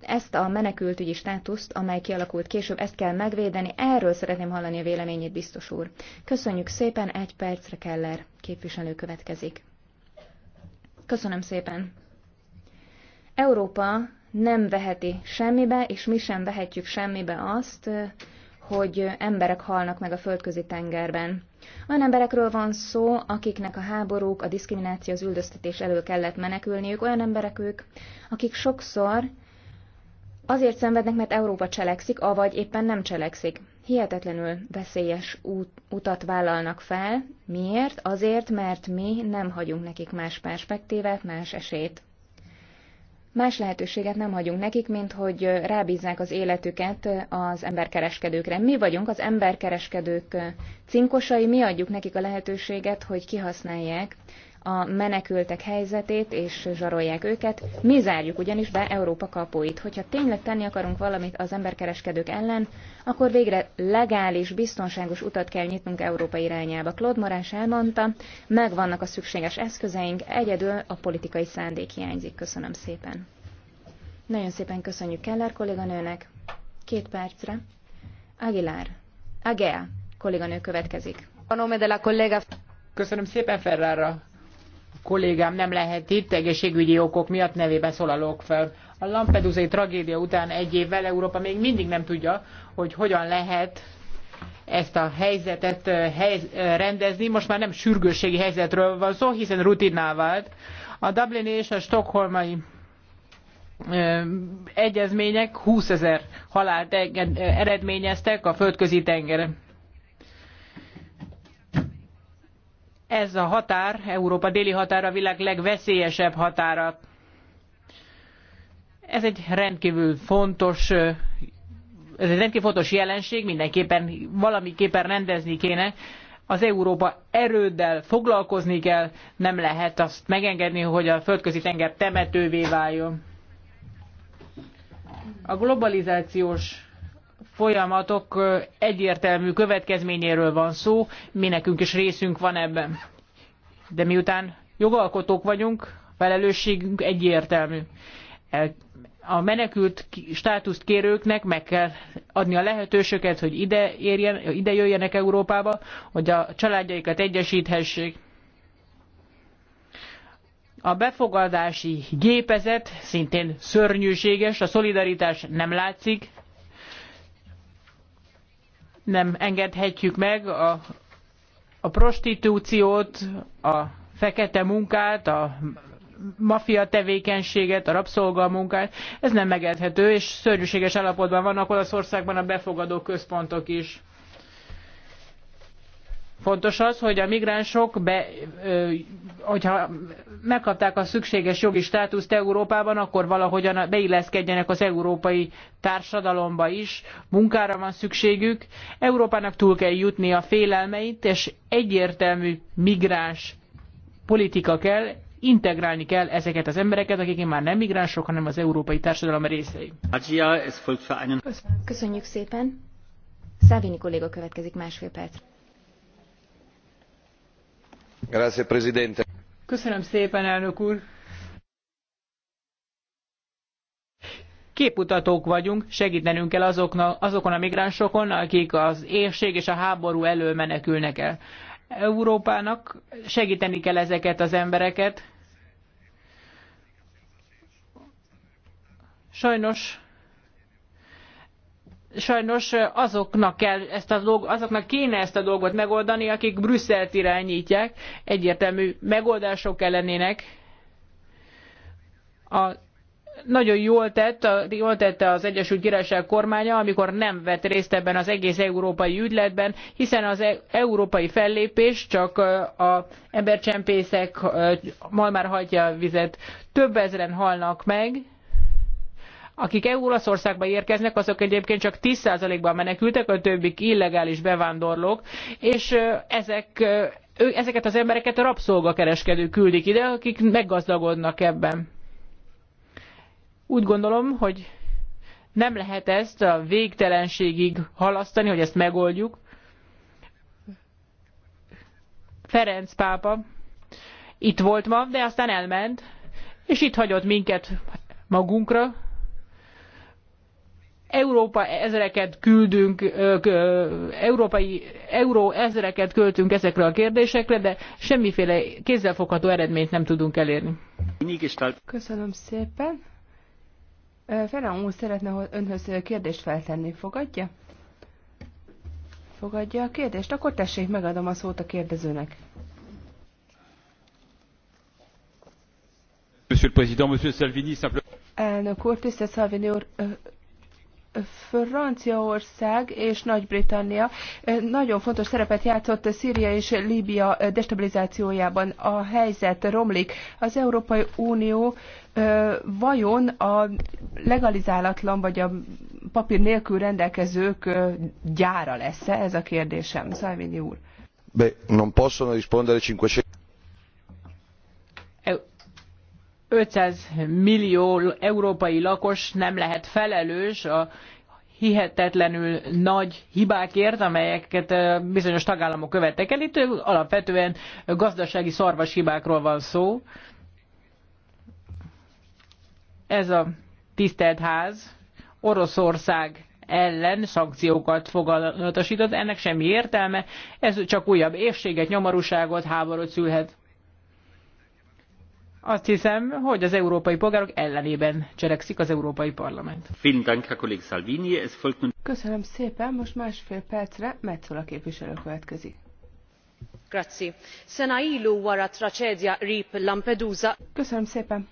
ezt a menekültügyi státuszt, amely kialakult később, ezt kell megvédeni, erről szeretném hallani a véleményét, biztos úr. Köszönjük szépen, egy percre Keller képviselő következik. Köszönöm szépen. Európa nem veheti semmibe, és mi sem vehetjük semmibe azt, hogy emberek halnak meg a földközi tengerben. Olyan emberekről van szó, akiknek a háborúk, a diszkrimináció, az üldöztetés elől kellett menekülniük, olyan emberek ők, akik sokszor azért szenvednek, mert Európa cselekszik, avagy éppen nem cselekszik. Hihetetlenül veszélyes út, utat vállalnak fel. Miért? Azért, mert mi nem hagyunk nekik más perspektívát, más esélyt. Más lehetőséget nem hagyunk nekik, mint hogy rábízzák az életüket az emberkereskedőkre. Mi vagyunk az emberkereskedők cinkosai, mi adjuk nekik a lehetőséget, hogy kihasználják a menekültek helyzetét, és zsarolják őket. Mi zárjuk ugyanis be Európa kapuit. Hogyha tényleg tenni akarunk valamit az emberkereskedők ellen, akkor végre legális, biztonságos utat kell nyitnunk Európa irányába. Claude Morás elmondta, megvannak a szükséges eszközeink, egyedül a politikai szándék hiányzik. Köszönöm szépen. Nagyon szépen köszönjük Keller kolléganőnek. Két percre. Aguilar. Agea kolléganő következik. Köszönöm szépen Ferrara kollégám nem lehet itt, egészségügyi okok miatt nevében szólalok fel. A Lampedusai tragédia után egy évvel Európa még mindig nem tudja, hogy hogyan lehet ezt a helyzetet eh, helyz, eh, rendezni. Most már nem sürgősségi helyzetről van szó, hiszen rutinná vált. A Dublini és a Stockholmi eh, egyezmények 20 ezer halált eredményeztek a földközi tengeren. ez a határ, Európa déli határa a világ legveszélyesebb határa. Ez egy rendkívül fontos ez egy rendkívül fontos jelenség, mindenképpen valamiképpen rendezni kéne. Az Európa erőddel foglalkozni kell, nem lehet azt megengedni, hogy a földközi tenger temetővé váljon. A globalizációs folyamatok egyértelmű következményéről van szó, mi nekünk is részünk van ebben. De miután jogalkotók vagyunk, felelősségünk egyértelmű. A menekült státuszt kérőknek meg kell adni a lehetőséget, hogy ide, érjen, ide jöjjenek Európába, hogy a családjaikat egyesíthessék. A befogadási gépezet szintén szörnyűséges, a szolidaritás nem látszik, nem engedhetjük meg a, a prostitúciót, a fekete munkát, a maffia tevékenységet, a rabszolgamunkát, ez nem megedhető, és szörnyűséges állapotban vannak Olaszországban a befogadó központok is. Fontos az, hogy a migránsok, be, hogyha megkapták a szükséges jogi státuszt Európában, akkor valahogyan beilleszkedjenek az európai társadalomba is, munkára van szükségük. Európának túl kell jutni a félelmeit, és egyértelmű migráns politika kell, integrálni kell ezeket az embereket, akik már nem migránsok, hanem az európai társadalom részei. Köszönjük szépen! Szávini kolléga következik másfél perc. Köszönöm szépen, elnök úr! képmutatók vagyunk, segítenünk kell azoknak, azokon a migránsokon, akik az érség és a háború elől menekülnek el. Európának segíteni kell ezeket az embereket. Sajnos sajnos azoknak, kell ezt a dolg, azoknak kéne ezt a dolgot megoldani, akik Brüsszelt irányítják, egyértelmű megoldások ellenének. A, nagyon jól, tett, jól tette az Egyesült Királyság kormánya, amikor nem vett részt ebben az egész európai ügyletben, hiszen az e európai fellépés csak az embercsempészek malmár hajtja a vizet. Több ezren halnak meg, akik EU Olaszországba érkeznek, azok egyébként csak 10%-ban menekültek, a többik illegális bevándorlók, és ezek ezeket az embereket a rabszolgakereskedők küldik ide, akik meggazdagodnak ebben. Úgy gondolom, hogy nem lehet ezt a végtelenségig halasztani, hogy ezt megoldjuk. Ferenc pápa itt volt ma, de aztán elment, és itt hagyott minket magunkra, Európa ezreket küldünk, európai euró ezreket költünk ezekre a kérdésekre, de semmiféle kézzelfogható eredményt nem tudunk elérni. Köszönöm szépen. Ferran úr szeretne önhöz kérdést feltenni. Fogadja? Fogadja a kérdést? Akkor tessék, megadom a szót a kérdezőnek. Monsieur le Président, Monsieur Salvini, simplement... Elnök úr, tisztelt Salvini úr, Franciaország és Nagy-Britannia nagyon fontos szerepet játszott Szíria és Líbia destabilizációjában. A helyzet romlik. Az Európai Unió vajon a legalizálatlan vagy a papír nélkül rendelkezők gyára lesz-e? Ez a kérdésem. Szalvini úr. Beh, non rispondere 500... ötszáz millió európai lakos nem lehet felelős a hihetetlenül nagy hibákért, amelyeket bizonyos tagállamok követtek el. Itt alapvetően gazdasági szarvas hibákról van szó. Ez a tisztelt ház Oroszország ellen szankciókat fogalmatosított, ennek semmi értelme, ez csak újabb évséget, nyomorúságot, háborút szülhet. Azt hiszem, hogy az európai polgárok ellenében cselekszik az Európai Parlament. Köszönöm szépen, most másfél percre Metzola képviselő következik. Grazie. Sena ilu wara tragedia rip Lampedusa. Köszönöm szépen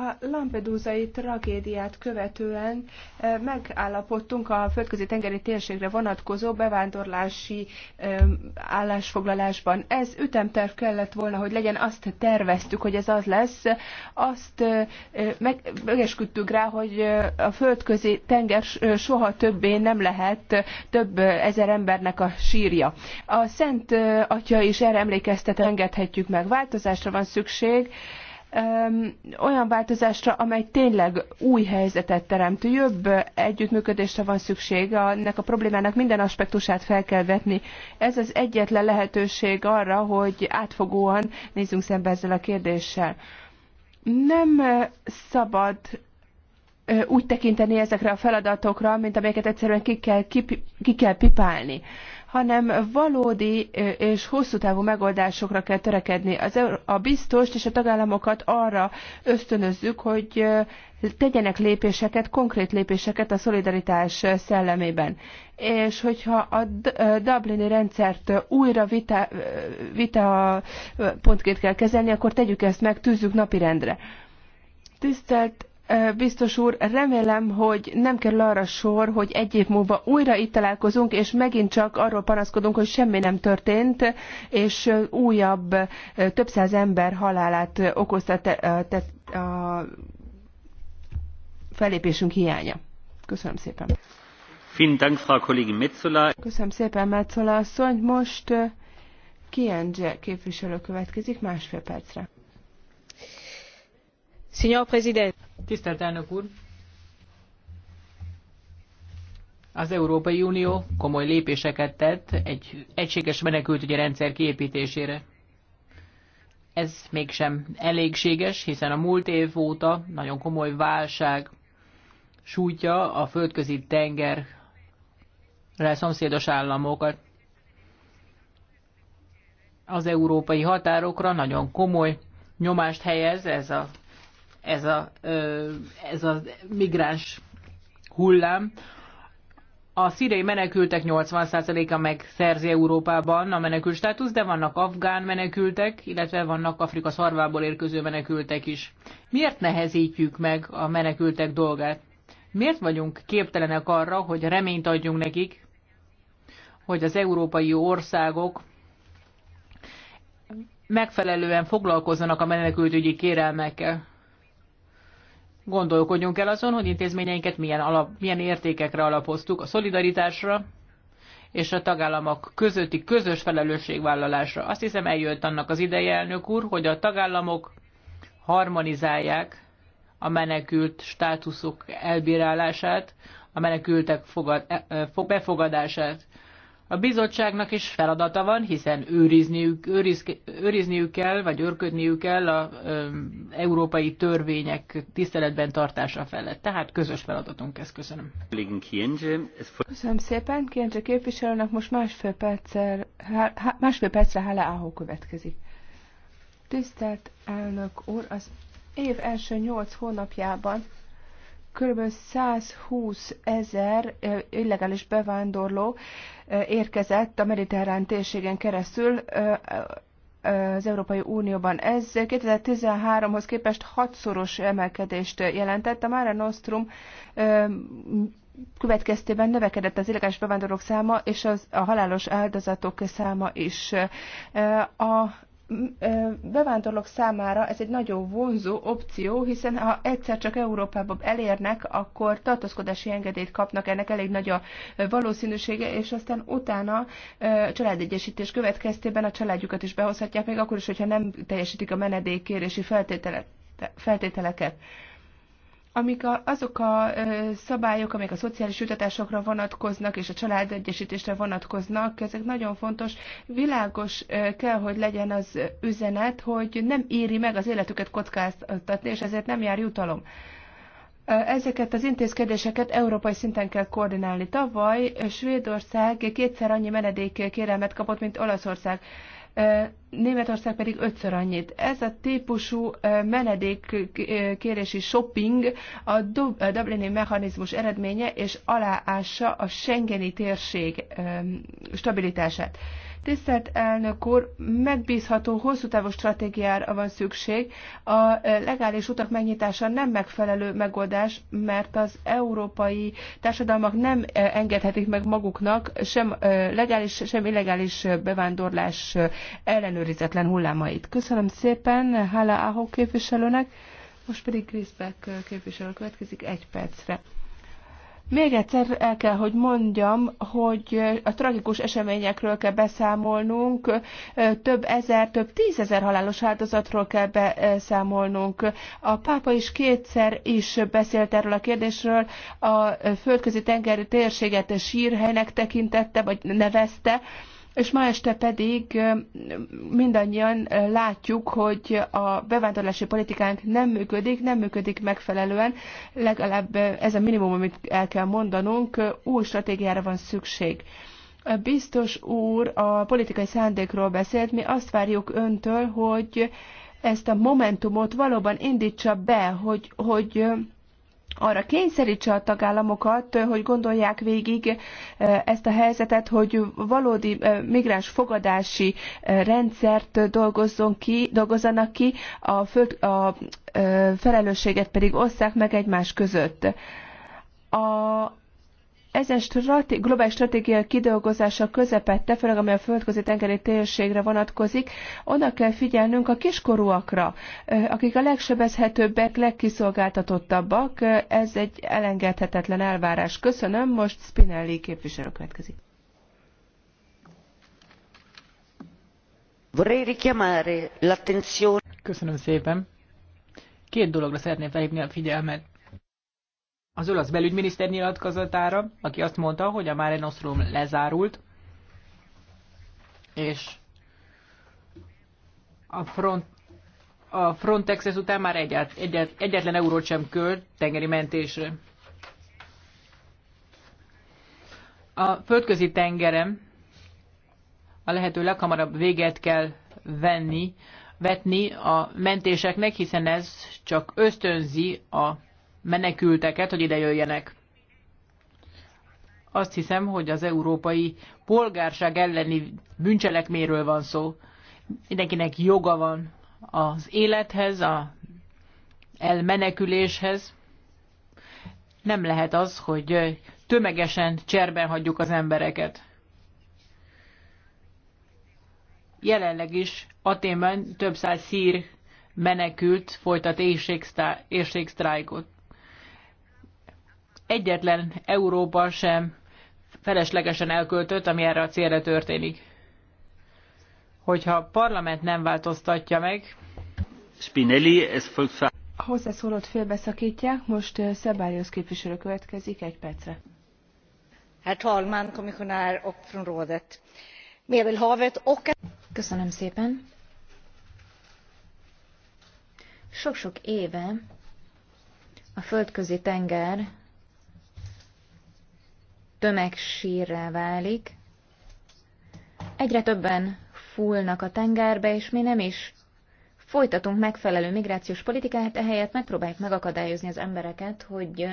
a Lampedusai tragédiát követően eh, megállapodtunk a földközi tengeri térségre vonatkozó bevándorlási állásfoglalásban. Ez ütemterv kellett volna, hogy legyen, azt terveztük, hogy ez az lesz. Azt eh, megesküdtük rá, hogy eh, a földközi tenger soha többé nem lehet több ezer embernek a sírja. A Szent Atya is erre emlékeztet, engedhetjük meg. Változásra van szükség olyan változásra, amely tényleg új helyzetet teremt. Jobb együttműködésre van szükség, ennek a problémának minden aspektusát fel kell vetni. Ez az egyetlen lehetőség arra, hogy átfogóan nézzünk szembe ezzel a kérdéssel. Nem szabad úgy tekinteni ezekre a feladatokra, mint amelyeket egyszerűen ki kell, ki, ki kell pipálni hanem valódi és hosszú távú megoldásokra kell törekedni. Az, a biztost és a tagállamokat arra ösztönözzük, hogy tegyenek lépéseket, konkrét lépéseket a szolidaritás szellemében. És hogyha a Dublini rendszert újra vita, vita pontként kell kezelni, akkor tegyük ezt meg, tűzzük napirendre. Tisztelt Biztos úr, remélem, hogy nem kerül arra sor, hogy egy év múlva újra itt találkozunk, és megint csak arról panaszkodunk, hogy semmi nem történt, és újabb több száz ember halálát okozta te, te, a fellépésünk hiánya. Köszönöm szépen. Köszönöm szépen, Metzola asszony. Most Kienge képviselő következik másfél percre. Tisztelt elnök úr! Az Európai Unió komoly lépéseket tett egy egységes menekültügyi rendszer kiépítésére. Ez mégsem elégséges, hiszen a múlt év óta nagyon komoly válság sújtja a földközi tengerre szomszédos államokat. Az európai határokra nagyon komoly nyomást helyez ez a ez a, ez a migráns hullám. A szíriai menekültek 80%-a megszerzi Európában a menekült státusz, de vannak afgán menekültek, illetve vannak Afrika szarvából érkező menekültek is. Miért nehezítjük meg a menekültek dolgát? Miért vagyunk képtelenek arra, hogy reményt adjunk nekik, hogy az európai országok megfelelően foglalkozzanak a menekültügyi kérelmekkel? Gondolkodjunk el azon, hogy intézményeinket milyen, alap, milyen értékekre alapoztuk, a szolidaritásra és a tagállamok közötti közös felelősségvállalásra. Azt hiszem eljött annak az ideje, elnök úr, hogy a tagállamok harmonizálják a menekült státuszok elbírálását, a menekültek fogad, e, e, befogadását. A bizottságnak is feladata van, hiszen őrizniük, őriz, őrizniük kell, vagy őrködniük kell a európai törvények tiszteletben tartása felett. Tehát közös feladatunk ez. Köszönöm. Köszönöm szépen. Kienzse képviselőnek most másfél, perccel, há, másfél percre Hála Áhó következik. Tisztelt elnök úr, az év első nyolc hónapjában kb. 120 ezer illegális bevándorló érkezett a mediterrán térségen keresztül az Európai Unióban. Ez 2013-hoz képest hatszoros emelkedést jelentett. A Mare Nostrum következtében növekedett az illegális bevándorlók száma és az, a halálos áldozatok száma is. A bevándorlók számára ez egy nagyon vonzó opció, hiszen ha egyszer csak Európába elérnek, akkor tartózkodási engedélyt kapnak, ennek elég nagy a valószínűsége, és aztán utána családegyesítés következtében a családjukat is behozhatják, még akkor is, hogyha nem teljesítik a menedékkérési feltételeket amik a, azok a ö, szabályok, amik a szociális jutatásokra vonatkoznak és a családegyesítésre vonatkoznak, ezek nagyon fontos. Világos ö, kell, hogy legyen az üzenet, hogy nem éri meg az életüket kockáztatni, és ezért nem jár jutalom. Ezeket az intézkedéseket európai szinten kell koordinálni. Tavaly Svédország kétszer annyi menedékkérelmet kapott, mint Olaszország. Németország pedig ötször annyit. Ez a típusú menedékkérési shopping a Dublini mechanizmus eredménye, és aláássa a Schengeni térség stabilitását. Tisztelt elnök úr, megbízható, hosszú távú stratégiára van szükség. A legális utak megnyitása nem megfelelő megoldás, mert az európai társadalmak nem engedhetik meg maguknak sem legális, sem illegális bevándorlás ellenőrizetlen hullámait. Köszönöm szépen Hála Aho képviselőnek, most pedig Griszbek képviselő következik egy percre. Még egyszer el kell, hogy mondjam, hogy a tragikus eseményekről kell beszámolnunk, több ezer, több tízezer halálos áldozatról kell beszámolnunk. A pápa is kétszer is beszélt erről a kérdésről, a földközi tengeri térséget sírhelynek tekintette, vagy nevezte, és ma este pedig mindannyian látjuk, hogy a bevándorlási politikánk nem működik, nem működik megfelelően, legalább ez a minimum, amit el kell mondanunk, új stratégiára van szükség. Biztos úr a politikai szándékról beszélt, mi azt várjuk öntől, hogy ezt a momentumot valóban indítsa be, hogy, hogy arra kényszerítse a tagállamokat, hogy gondolják végig ezt a helyzetet, hogy valódi migráns fogadási rendszert dolgozzon ki, dolgozzanak ki, a, föld, a felelősséget pedig osszák meg egymás között. A ezen straté- globális stratégia kidolgozása közepette, főleg ami a földközi tengeri térségre vonatkozik, onnan kell figyelnünk a kiskorúakra, akik a legsebezhetőbbek, legkiszolgáltatottabbak. Ez egy elengedhetetlen elvárás. Köszönöm, most Spinelli képviselő következik. Köszönöm szépen. Két dologra szeretném felhívni a figyelmet az olasz belügyminiszter nyilatkozatára, aki azt mondta, hogy a Mare Nostrum lezárult, és a, front, a Frontex után már egyet, egyet, egyetlen eurót sem költ tengeri mentésre. A földközi tengerem a lehető leghamarabb véget kell venni, vetni a mentéseknek, hiszen ez csak ösztönzi a menekülteket, hogy ide jöjjenek. Azt hiszem, hogy az európai polgárság elleni bűncselekméről van szó. Mindenkinek joga van az élethez, a elmeneküléshez. Nem lehet az, hogy tömegesen cserben hagyjuk az embereket. Jelenleg is Aténben több száz szír menekült folytat éjségsztrájkot egyetlen Európa sem feleslegesen elköltött, ami erre a célra történik. Hogyha a parlament nem változtatja meg... Spinelli, ez folgt A hozzászólót félbeszakítják, most eh, Szebályos képviselő következik egy percre. Herr talman, kommissionär ok, från rådet. Medelhavet ok. Köszönöm szépen. Sok-sok éve a földközi tenger tömegsírrá válik. Egyre többen fúlnak a tengerbe, és mi nem is folytatunk megfelelő migrációs politikát, ehelyett megpróbáljuk megakadályozni az embereket, hogy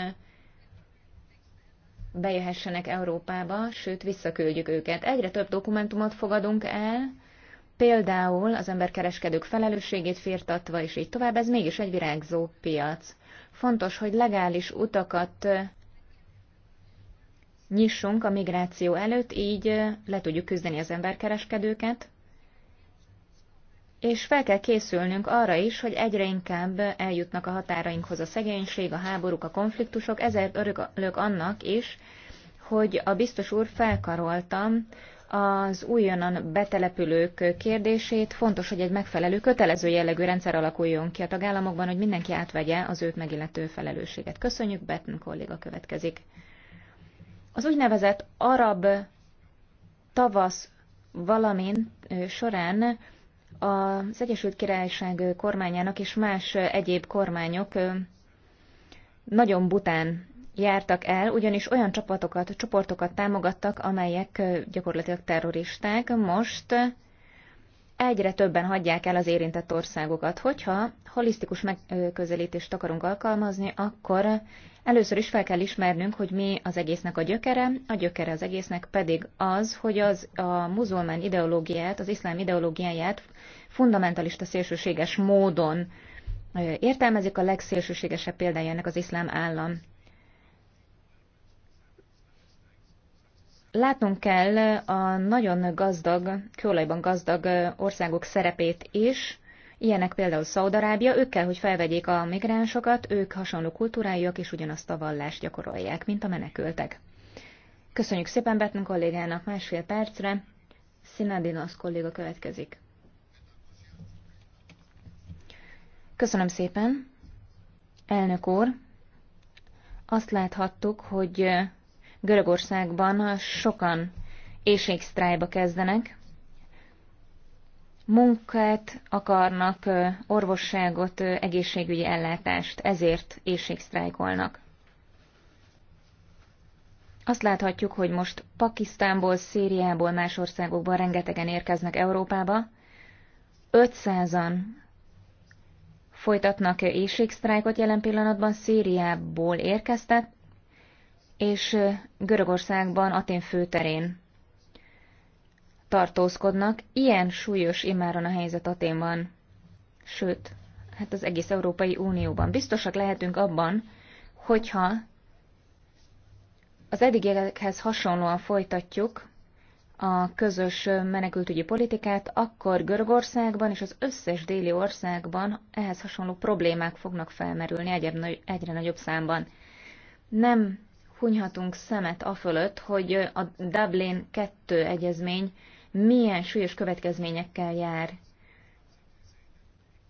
bejöhessenek Európába, sőt, visszaküldjük őket. Egyre több dokumentumot fogadunk el, például az emberkereskedők felelősségét firtatva, és így tovább, ez mégis egy virágzó piac. Fontos, hogy legális utakat nyissunk a migráció előtt, így le tudjuk küzdeni az emberkereskedőket, és fel kell készülnünk arra is, hogy egyre inkább eljutnak a határainkhoz a szegénység, a háborúk, a konfliktusok, ezért örülök annak is, hogy a biztos úr felkaroltam az újonnan betelepülők kérdését. Fontos, hogy egy megfelelő kötelező jellegű rendszer alakuljon ki a tagállamokban, hogy mindenki átvegye az őt megillető felelősséget. Köszönjük, Betten kolléga következik. Az úgynevezett arab tavasz valamint során az Egyesült Királyság kormányának és más egyéb kormányok nagyon bután jártak el, ugyanis olyan csapatokat, csoportokat támogattak, amelyek gyakorlatilag terroristák. Most egyre többen hagyják el az érintett országokat. Hogyha holisztikus megközelítést akarunk alkalmazni, akkor először is fel kell ismernünk, hogy mi az egésznek a gyökere, a gyökere az egésznek pedig az, hogy az a muzulmán ideológiát, az iszlám ideológiáját fundamentalista szélsőséges módon értelmezik a legszélsőségesebb példája ennek az iszlám állam. látnunk kell a nagyon gazdag, kőolajban gazdag országok szerepét is, ilyenek például Szaudarábia, ők kell, hogy felvegyék a migránsokat, ők hasonló kultúrájúak és ugyanazt a vallást gyakorolják, mint a menekültek. Köszönjük szépen Betten kollégának másfél percre. Szinadinos kolléga következik. Köszönöm szépen. Elnök úr, azt láthattuk, hogy Görögországban sokan éjségsztrájba kezdenek, munkát akarnak, orvosságot, egészségügyi ellátást, ezért éjségsztrájkolnak. Azt láthatjuk, hogy most Pakisztánból, Szíriából, más országokból rengetegen érkeznek Európába. 500-an folytatnak éjségsztrájkot jelen pillanatban, Szíriából érkeztek, és Görögországban, Atén főterén tartózkodnak. Ilyen súlyos immáron a helyzet Aténban, sőt, hát az egész Európai Unióban. Biztosak lehetünk abban, hogyha az eddigiekhez hasonlóan folytatjuk a közös menekültügyi politikát, akkor Görögországban és az összes déli országban ehhez hasonló problémák fognak felmerülni egyre, egyre nagyobb számban. Nem hunyhatunk szemet afölött, hogy a Dublin 2 egyezmény milyen súlyos következményekkel jár.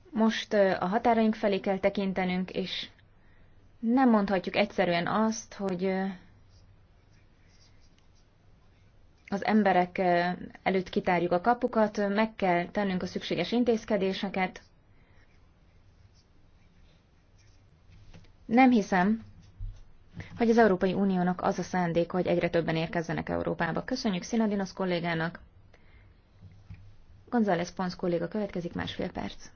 Most a határaink felé kell tekintenünk, és nem mondhatjuk egyszerűen azt, hogy az emberek előtt kitárjuk a kapukat, meg kell tennünk a szükséges intézkedéseket. Nem hiszem, hogy az Európai Uniónak az a szándék, hogy egyre többen érkezzenek Európába. Köszönjük Szinadinos kollégának. González Pons kolléga következik másfél perc.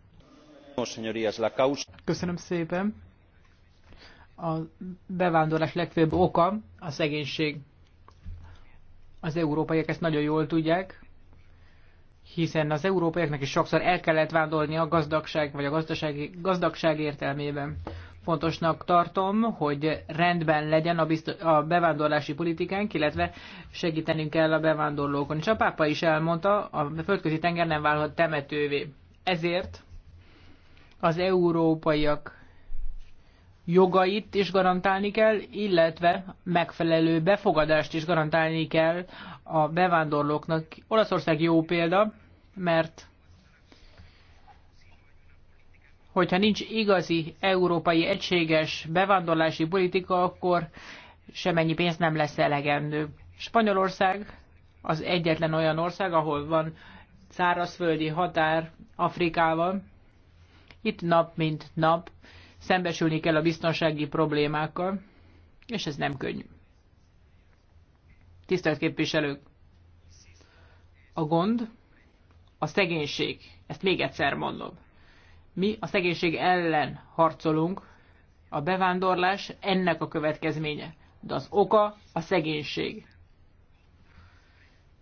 Köszönöm szépen. A bevándorlás legfőbb oka a szegénység. Az európaiak ezt nagyon jól tudják, hiszen az európaiaknak is sokszor el kellett vándorni a gazdagság vagy a gazdagság, gazdagság értelmében. Fontosnak tartom, hogy rendben legyen a, a bevándorlási politikánk, illetve segítenünk kell a bevándorlókon. És a pápa is elmondta, a földközi tenger nem válhat temetővé. Ezért az európaiak jogait is garantálni kell, illetve megfelelő befogadást is garantálni kell a bevándorlóknak. Olaszország jó példa, mert hogyha nincs igazi európai egységes bevándorlási politika, akkor semennyi pénz nem lesz elegendő. Spanyolország az egyetlen olyan ország, ahol van szárazföldi határ Afrikával. Itt nap mint nap szembesülni kell a biztonsági problémákkal, és ez nem könnyű. Tisztelt képviselők! A gond, a szegénység, ezt még egyszer mondom mi a szegénység ellen harcolunk, a bevándorlás ennek a következménye, de az oka a szegénység.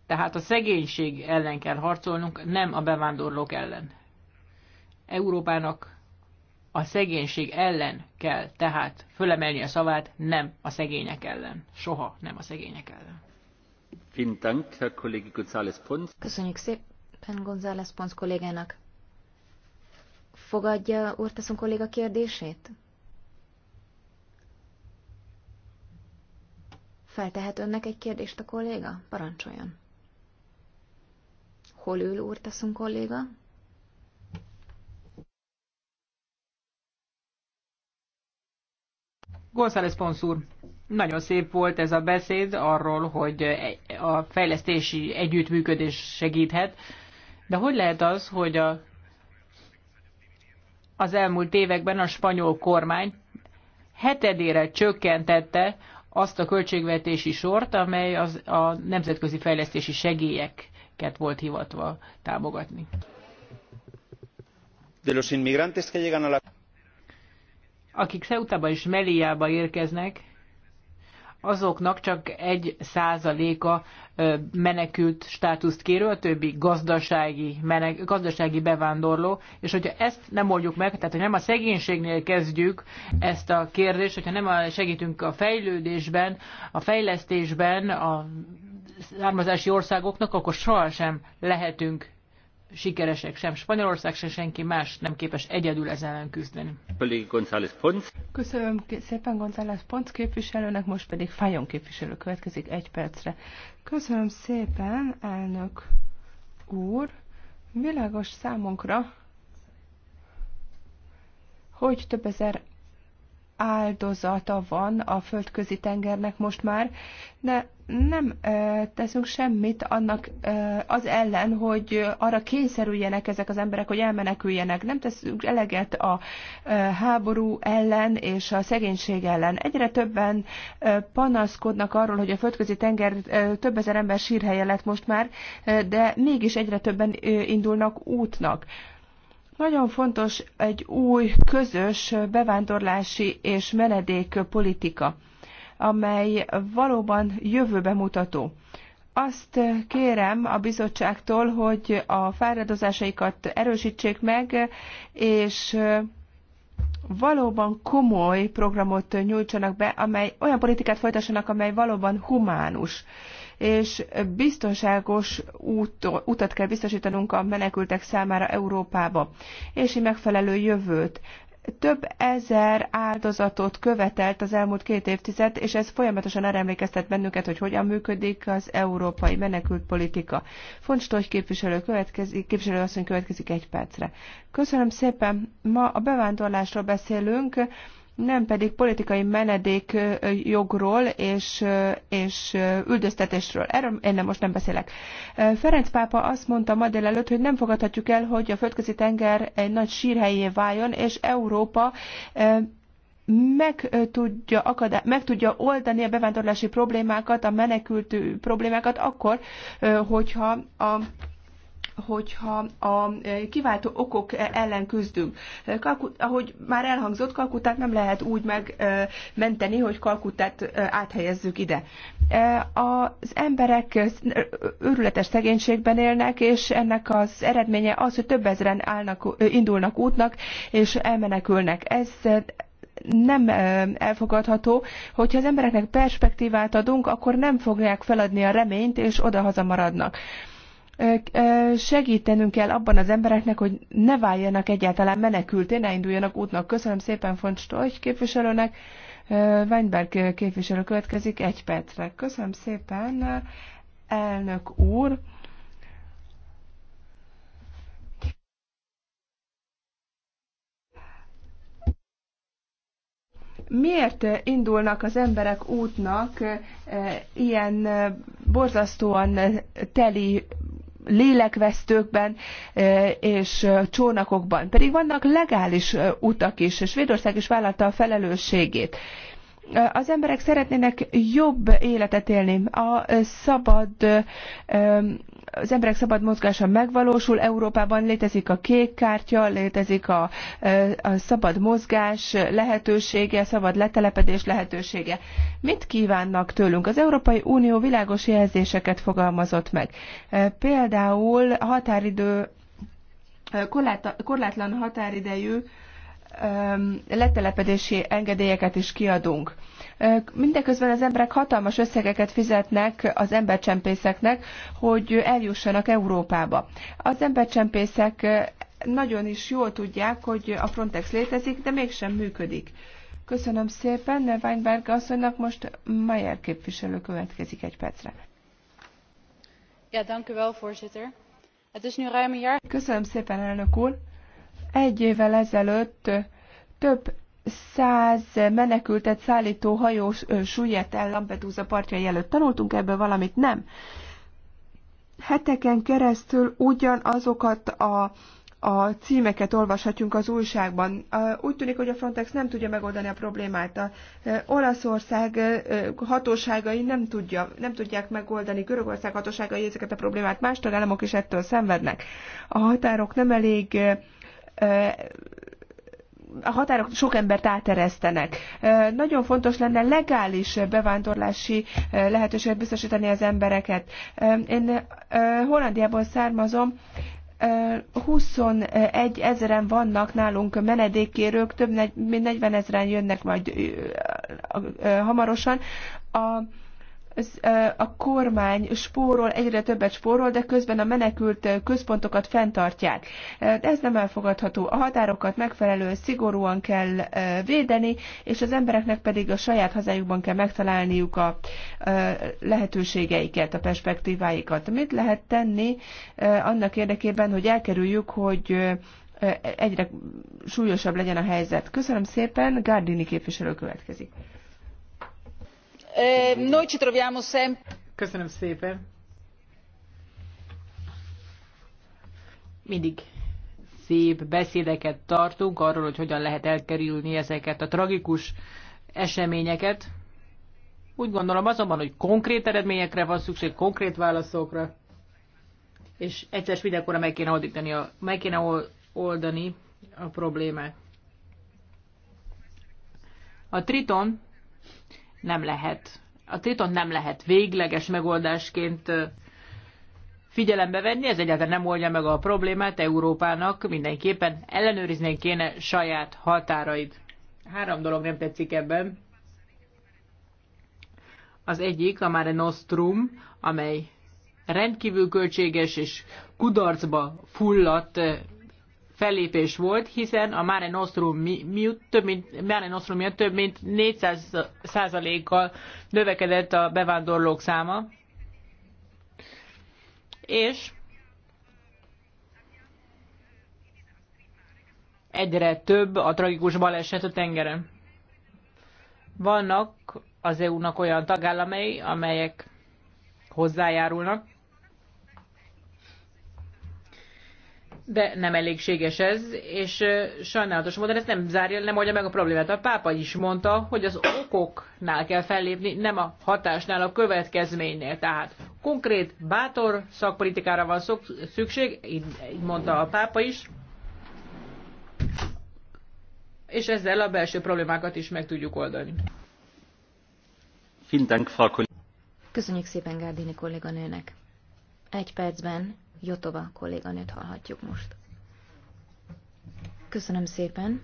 Tehát a szegénység ellen kell harcolnunk, nem a bevándorlók ellen. Európának a szegénység ellen kell tehát fölemelni a szavát, nem a szegények ellen. Soha nem a szegények ellen. Köszönjük szépen González Pons kollégának. Fogadja úrteszünk kolléga kérdését? Feltehet önnek egy kérdést a kolléga? Parancsoljon. Hol ül úrteszünk kolléga? González Ponszúr, nagyon szép volt ez a beszéd arról, hogy a fejlesztési együttműködés segíthet, de hogy lehet az, hogy a az elmúlt években a spanyol kormány hetedére csökkentette azt a költségvetési sort, amely az, a nemzetközi fejlesztési segélyeket volt hivatva támogatni. De los inmigrantes que llegan a la... Akik Ceutába és Meliába érkeznek, azoknak csak egy százaléka menekült státuszt kérő, a többi gazdasági, menek, gazdasági bevándorló, és hogyha ezt nem oldjuk meg, tehát hogy nem a szegénységnél kezdjük ezt a kérdést, hogyha nem a, segítünk a fejlődésben, a fejlesztésben, a származási országoknak, akkor sohasem lehetünk sikeresek, sem Spanyolország, sem senki más nem képes egyedül ezzel ellen küzdeni. Köszönöm szépen González Pont képviselőnek, most pedig Fajon képviselő következik egy percre. Köszönöm szépen, elnök úr. Világos számunkra, hogy több ezer áldozata van a földközi tengernek most már, de nem teszünk semmit annak az ellen, hogy arra kényszerüljenek ezek az emberek, hogy elmeneküljenek. Nem teszünk eleget a háború ellen és a szegénység ellen. Egyre többen panaszkodnak arról, hogy a földközi tenger több ezer ember sírhelye lett most már, de mégis egyre többen indulnak útnak. Nagyon fontos egy új közös bevándorlási és menedékpolitika, amely valóban jövőbe mutató. Azt kérem a bizottságtól, hogy a fáradozásaikat erősítsék meg, és valóban komoly programot nyújtsanak be, amely olyan politikát folytassanak, amely valóban humánus és biztonságos út, utat kell biztosítanunk a menekültek számára Európába, és egy megfelelő jövőt több ezer áldozatot követelt az elmúlt két évtized, és ez folyamatosan arra emlékeztet bennünket, hogy hogyan működik az európai menekültpolitika. Fontos, hogy képviselő, következik, képviselő asszony következik egy percre. Köszönöm szépen. Ma a bevándorlásról beszélünk, nem pedig politikai menedék jogról és, és üldöztetésről. Erről én nem, most nem beszélek. Ferenc pápa azt mondta ma délelőtt, hogy nem fogadhatjuk el, hogy a földközi tenger egy nagy sírhelyé váljon, és Európa meg tudja, akadá- meg tudja oldani a bevándorlási problémákat, a menekült problémákat akkor, hogyha a hogyha a e, kiváltó okok ellen küzdünk. Kalkut, ahogy már elhangzott, Kalkutát nem lehet úgy megmenteni, hogy Kalkutát e, áthelyezzük ide. E, az emberek őrületes szegénységben élnek, és ennek az eredménye az, hogy több ezeren állnak, indulnak útnak, és elmenekülnek. Ez nem elfogadható, hogyha az embereknek perspektívát adunk, akkor nem fogják feladni a reményt, és oda-haza maradnak segítenünk kell abban az embereknek, hogy ne váljanak egyáltalán menekülté, ne induljanak útnak. Köszönöm szépen Font Stoich képviselőnek. Weinberg képviselő következik egy percre. Köszönöm szépen, elnök úr. miért indulnak az emberek útnak ilyen borzasztóan teli lélekvesztőkben és csónakokban. Pedig vannak legális utak is. Svédország is vállalta a felelősségét az emberek szeretnének jobb életet élni. A szabad, az emberek szabad mozgása megvalósul Európában, létezik a kék kártya, létezik a, a szabad mozgás lehetősége, szabad letelepedés lehetősége. Mit kívánnak tőlünk? Az Európai Unió világos jelzéseket fogalmazott meg. Például határidő, korlátlan határidejű letelepedési engedélyeket is kiadunk. Mindeközben az emberek hatalmas összegeket fizetnek az embercsempészeknek, hogy eljussanak Európába. Az embercsempészek nagyon is jól tudják, hogy a Frontex létezik, de mégsem működik. Köszönöm szépen, Weinberg asszonynak most Mayer képviselő következik egy percre. Ja, dank u wel, voorzitter. Het is nu ruim een jaar... Köszönöm szépen, elnök úr. Egy évvel ezelőtt több száz menekültet szállító hajós süllyedt el Lampedusa partjai előtt. Tanultunk ebből valamit? Nem. Heteken keresztül ugyanazokat a a címeket olvashatjunk az újságban. Úgy tűnik, hogy a Frontex nem tudja megoldani a problémát. A Olaszország hatóságai nem, tudja, nem tudják megoldani, Görögország hatóságai ezeket a problémát, más tagállamok is ettől szenvednek. A határok nem elég a határok sok embert áteresztenek. Nagyon fontos lenne legális bevándorlási lehetőséget biztosítani az embereket. Én Hollandiából származom, 21 ezeren vannak nálunk menedékkérők, több mint 40 ezeren jönnek majd hamarosan. A a kormány spórol, egyre többet spórol, de közben a menekült központokat fenntartják. Ez nem elfogadható. A határokat megfelelően szigorúan kell védeni, és az embereknek pedig a saját hazájukban kell megtalálniuk a lehetőségeiket, a perspektíváikat. Mit lehet tenni annak érdekében, hogy elkerüljük, hogy egyre súlyosabb legyen a helyzet. Köszönöm szépen, Gárdini képviselő következik. Eh, noi ci troviamo sempre. Mindig szép beszédeket tartunk arról, hogy hogyan lehet elkerülni ezeket a tragikus eseményeket. Úgy gondolom azonban, hogy konkrét eredményekre van szükség, konkrét válaszokra, és egyszer mindenkorra meg kéne, oldani a, meg kéne oldani a problémát. A Triton nem lehet, a tiltot nem lehet végleges megoldásként figyelembe venni, ez egyáltalán nem oldja meg a problémát Európának, mindenképpen ellenőrizni kéne saját határait. Három dolog nem tetszik ebben. Az egyik a Mare Nostrum, amely rendkívül költséges és kudarcba fulladt fellépés volt, hiszen a Mare Nostrum, mi, mi, több mint, Mare Nostrum miatt több mint 400 százalékkal növekedett a bevándorlók száma, és egyre több a tragikus baleset a tengeren. Vannak az EU-nak olyan tagállamai, amelyek hozzájárulnak de nem elégséges ez, és sajnálatos módon ez nem zárja, nem oldja meg a problémát. A pápa is mondta, hogy az okoknál kell fellépni, nem a hatásnál, a következménynél. Tehát konkrét, bátor szakpolitikára van szükség, így, így mondta a pápa is, és ezzel a belső problémákat is meg tudjuk oldani. Köszönjük szépen Gárdini kolléganőnek. Egy percben Jotova kolléganőt hallhatjuk most. Köszönöm szépen.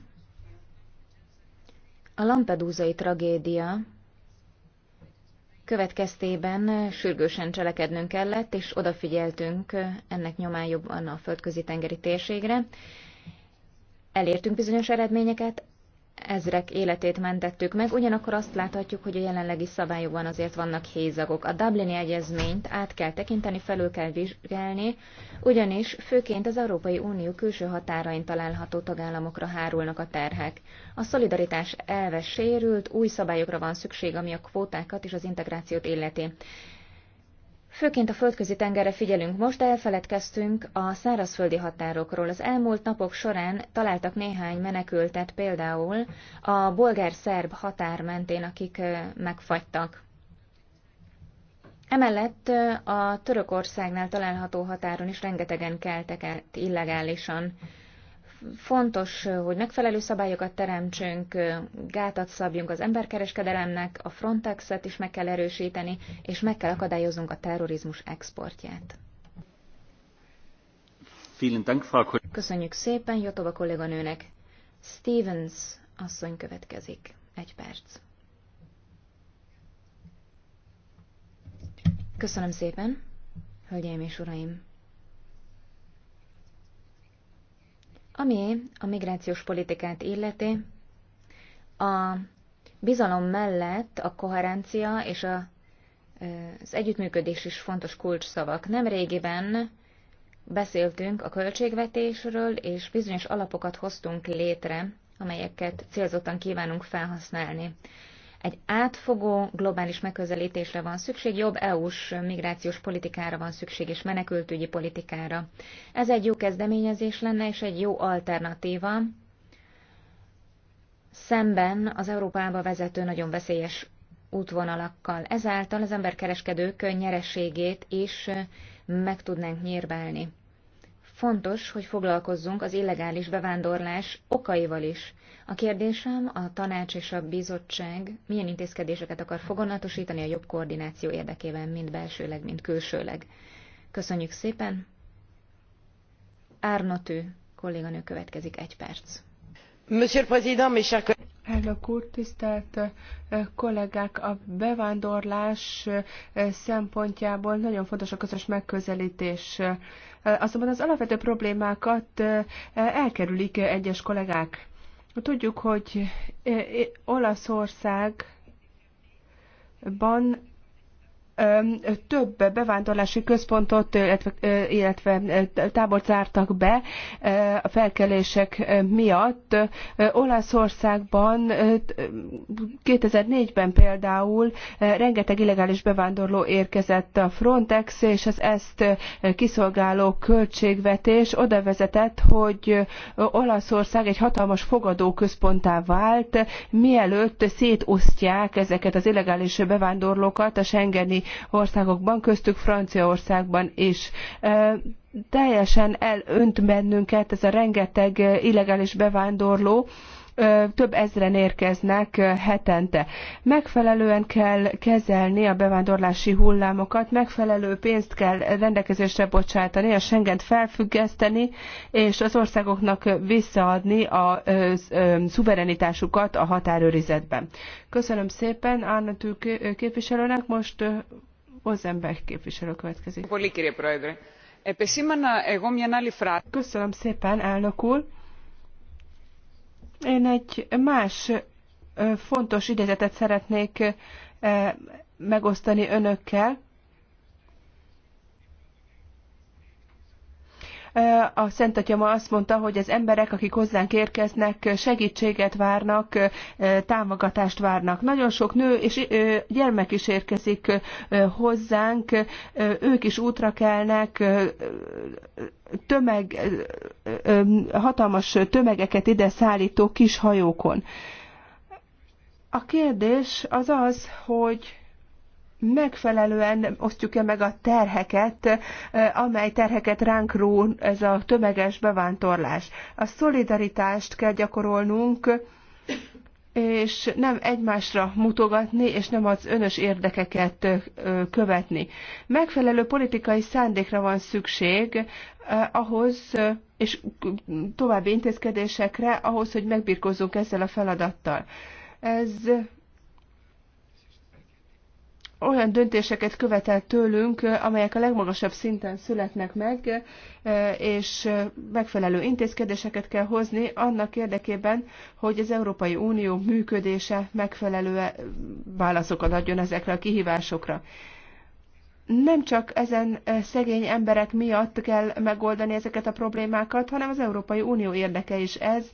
A Lampedúzai tragédia következtében sürgősen cselekednünk kellett, és odafigyeltünk ennek nyomán jobban a földközi tengeri térségre. Elértünk bizonyos eredményeket, ezrek életét mentettük meg, ugyanakkor azt láthatjuk, hogy a jelenlegi szabályokban azért vannak hézagok. A Dublini Egyezményt át kell tekinteni, felül kell vizsgálni, ugyanis főként az Európai Unió külső határain található tagállamokra hárulnak a terhek. A szolidaritás elve sérült, új szabályokra van szükség, ami a kvótákat és az integrációt illeti. Főként a földközi tengerre figyelünk most, de elfeledkeztünk a szárazföldi határokról. Az elmúlt napok során találtak néhány menekültet például a bolgár-szerb határ mentén, akik megfagytak. Emellett a Törökországnál található határon is rengetegen keltek illegálisan. Fontos, hogy megfelelő szabályokat teremtsünk, gátat szabjunk az emberkereskedelemnek, a Frontex-et is meg kell erősíteni, és meg kell akadályoznunk a terrorizmus exportját. Köszönjük szépen Jotova kolléganőnek. Stevens asszony következik. Egy perc. Köszönöm szépen, hölgyeim és uraim! Ami a migrációs politikát illeti, a bizalom mellett a koherencia és a, az együttműködés is fontos kulcsszavak. Nem régiben beszéltünk a költségvetésről, és bizonyos alapokat hoztunk létre, amelyeket célzottan kívánunk felhasználni. Egy átfogó globális megközelítésre van szükség, jobb EU-s migrációs politikára van szükség és menekültügyi politikára. Ez egy jó kezdeményezés lenne és egy jó alternatíva szemben az Európába vezető nagyon veszélyes útvonalakkal. Ezáltal az emberkereskedők nyereségét is meg tudnánk nyírbálni. Fontos, hogy foglalkozzunk az illegális bevándorlás okaival is. A kérdésem a tanács és a bizottság milyen intézkedéseket akar fogonatosítani a jobb koordináció érdekében, mind belsőleg, mind külsőleg. Köszönjük szépen! Árnotő kolléganő következik egy perc. Monsieur le Président, mes chers collègues. Elnök úr, tisztelt eh, kollégák! A bevándorlás eh, szempontjából nagyon fontos a közös megközelítés azonban az alapvető problémákat elkerülik egyes kollégák. Tudjuk, hogy Olaszországban több bevándorlási központot, illetve, illetve tábort zártak be a felkelések miatt. Olaszországban 2004-ben például rengeteg illegális bevándorló érkezett a Frontex, és az ezt kiszolgáló költségvetés oda vezetett, hogy Olaszország egy hatalmas fogadóközponttá vált, mielőtt szétosztják ezeket az illegális bevándorlókat a Schengeni országokban, köztük Franciaországban is teljesen elönt bennünket ez a rengeteg illegális bevándorló, több ezren érkeznek hetente. Megfelelően kell kezelni a bevándorlási hullámokat, megfelelő pénzt kell rendelkezésre bocsátani, a Schengent felfüggeszteni, és az országoknak visszaadni a szuverenitásukat a határőrizetben. Köszönöm szépen Arnatű képviselőnek, most Ozenberg képviselő következik. Köszönöm szépen, elnök úr! Én egy más fontos idézetet szeretnék megosztani önökkel. A Szent Atyama azt mondta, hogy az emberek, akik hozzánk érkeznek, segítséget várnak, támogatást várnak. Nagyon sok nő és gyermek is érkezik hozzánk, ők is útra kelnek, tömeg, hatalmas tömegeket ide szállító kis hajókon. A kérdés az az, hogy megfelelően osztjuk-e meg a terheket, amely terheket ránk ró ez a tömeges bevándorlás. A szolidaritást kell gyakorolnunk, és nem egymásra mutogatni, és nem az önös érdekeket követni. Megfelelő politikai szándékra van szükség ahhoz, és további intézkedésekre ahhoz, hogy megbirkózzunk ezzel a feladattal. Ez olyan döntéseket követel tőlünk, amelyek a legmagasabb szinten születnek meg, és megfelelő intézkedéseket kell hozni annak érdekében, hogy az Európai Unió működése megfelelő válaszokat adjon ezekre a kihívásokra. Nem csak ezen szegény emberek miatt kell megoldani ezeket a problémákat, hanem az Európai Unió érdeke is ez,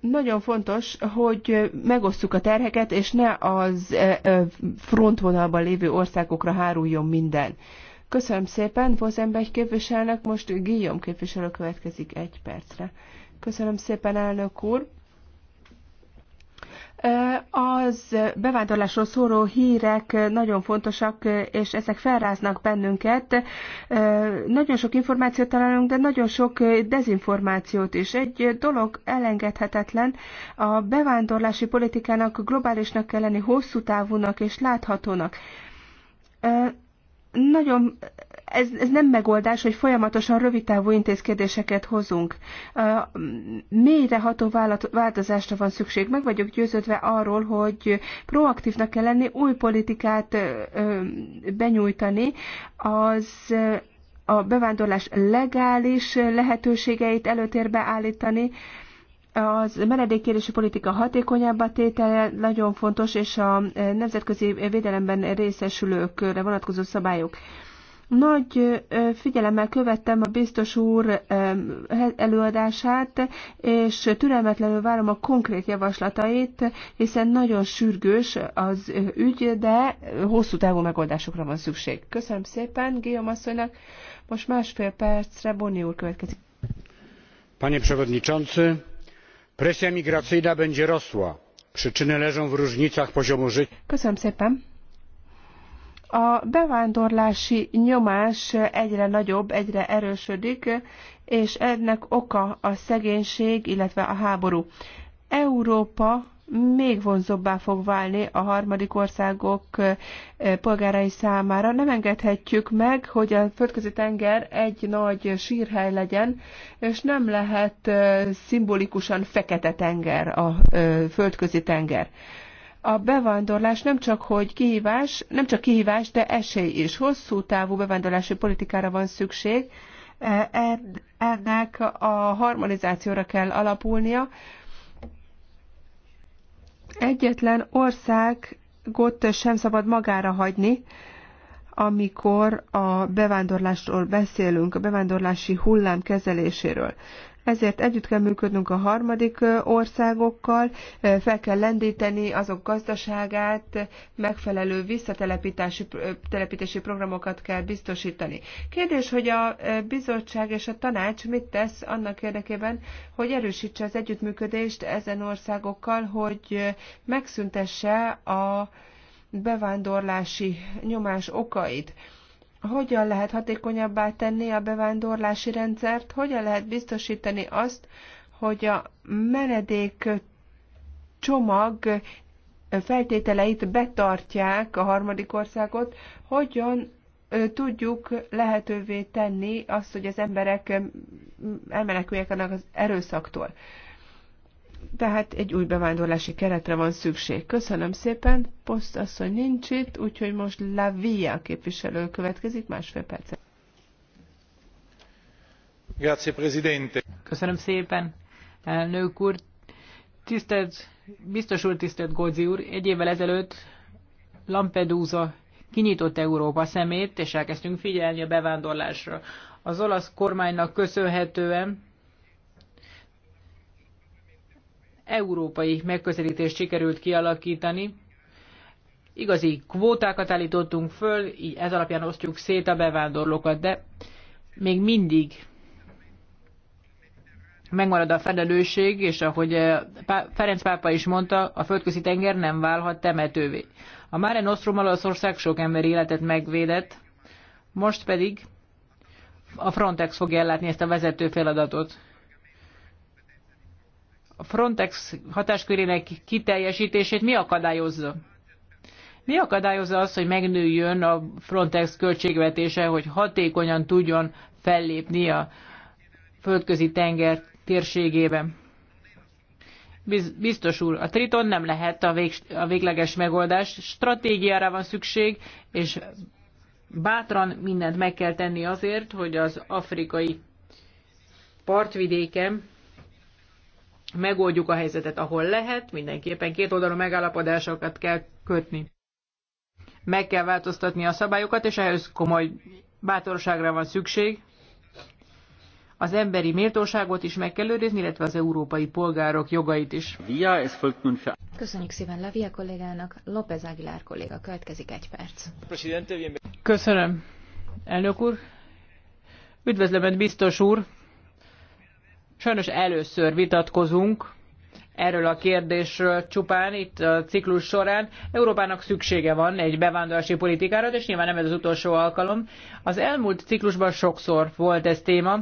Nagyon fontos, hogy megosztjuk a terheket, és ne az e, e, frontvonalban lévő országokra háruljon minden. Köszönöm szépen, egy képviselnek, most Guillaume képviselő következik egy percre. Köszönöm szépen, elnök úr! Az bevándorlásról szóló hírek nagyon fontosak, és ezek felráznak bennünket. Nagyon sok információt találunk, de nagyon sok dezinformációt is. Egy dolog elengedhetetlen, a bevándorlási politikának globálisnak kell lenni, hosszú távúnak és láthatónak nagyon ez, ez nem megoldás, hogy folyamatosan rövidtávú intézkedéseket hozunk. Mélyreható változásra van szükség. Meg vagyok győződve arról, hogy proaktívnak kell lenni, új politikát benyújtani. Az a bevándorlás legális lehetőségeit előtérbe állítani, az menedékkérési politika hatékonyabbá tétele nagyon fontos, és a e, nemzetközi védelemben részesülőkre vonatkozó szabályok. Nagy e, figyelemmel követtem a biztos úr e, előadását, és türelmetlenül várom a konkrét javaslatait, hiszen nagyon sürgős az ügy, de hosszú távú megoldásokra van szükség. Köszönöm szépen Géom asszonynak. Most másfél percre Bonni úr következik. Panie Przewodniczący, presja migracyjna będzie rosła przyczyny leżą w różnicach poziomu życia. A bevándorlási nyomás egyre nagyobb, egyre erősödik, és ennek oka a szegénység, illetve a háború. Európa még vonzóbbá fog válni a harmadik országok polgárai számára. Nem engedhetjük meg, hogy a földközi tenger egy nagy sírhely legyen, és nem lehet szimbolikusan fekete tenger a földközi tenger a bevándorlás nem csak, hogy kihívás, nem csak kihívás, de esély is. Hosszú távú bevándorlási politikára van szükség, ennek a harmonizációra kell alapulnia, Egyetlen országot sem szabad magára hagyni, amikor a bevándorlásról beszélünk, a bevándorlási hullám kezeléséről ezért együtt kell működnünk a harmadik országokkal, fel kell lendíteni azok gazdaságát, megfelelő visszatelepítési telepítési programokat kell biztosítani. Kérdés, hogy a bizottság és a tanács mit tesz annak érdekében, hogy erősítse az együttműködést ezen országokkal, hogy megszüntesse a bevándorlási nyomás okait hogyan lehet hatékonyabbá tenni a bevándorlási rendszert, hogyan lehet biztosítani azt, hogy a menedék csomag feltételeit betartják a harmadik országot, hogyan tudjuk lehetővé tenni azt, hogy az emberek elmeneküljek annak az erőszaktól. Tehát egy új bevándorlási keretre van szükség. Köszönöm szépen, posztasszony nincs itt, úgyhogy most Via képviselő következik másfél percet. Grazie, Presidente. Köszönöm szépen, elnök úr. Tisztelt, biztos úr, tisztelt Gózi úr, egy évvel ezelőtt Lampedusa kinyitott Európa szemét, és elkezdtünk figyelni a bevándorlásra. Az olasz kormánynak köszönhetően európai megközelítést sikerült kialakítani. Igazi kvótákat állítottunk föl, így ez alapján osztjuk szét a bevándorlókat, de még mindig megmarad a felelősség, és ahogy eh, Ferenc pápa is mondta, a földközi tenger nem válhat temetővé. A Máren Nostrum Olaszország sok ember életet megvédett, most pedig a Frontex fogja ellátni ezt a vezető feladatot a Frontex hatáskörének kiteljesítését mi akadályozza? Mi akadályozza azt, hogy megnőjön a Frontex költségvetése, hogy hatékonyan tudjon fellépni a földközi tenger térségében? Biztos úr, a Triton nem lehet a, vég, a végleges megoldás. Stratégiára van szükség, és bátran mindent meg kell tenni azért, hogy az afrikai partvidéken megoldjuk a helyzetet, ahol lehet, mindenképpen két oldalú megállapodásokat kell kötni. Meg kell változtatni a szabályokat, és ehhez komoly bátorságra van szükség. Az emberi méltóságot is meg kell őrizni, illetve az európai polgárok jogait is. Köszönjük szépen Lavia kollégának, López Aguilar kolléga következik egy perc. Köszönöm. Elnök úr, üdvözlöm, biztos úr, Sajnos először vitatkozunk erről a kérdésről csupán itt a ciklus során. Európának szüksége van egy bevándorlási politikára, és nyilván nem ez az utolsó alkalom. Az elmúlt ciklusban sokszor volt ez téma,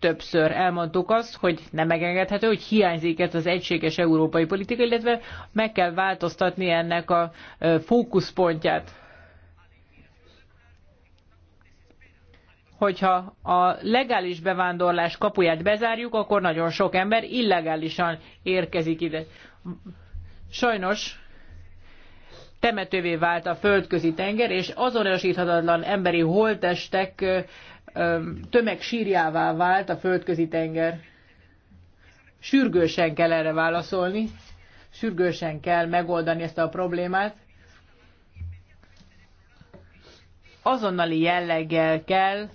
többször elmondtuk azt, hogy nem megengedhető, hogy hiányzik ez az egységes európai politika, illetve meg kell változtatni ennek a fókuszpontját. hogyha a legális bevándorlás kapuját bezárjuk, akkor nagyon sok ember illegálisan érkezik ide. Sajnos temetővé vált a földközi tenger, és azonosíthatatlan emberi holtestek tömegsírjává vált a földközi tenger. Sürgősen kell erre válaszolni, sürgősen kell megoldani ezt a problémát. Azonnali jelleggel kell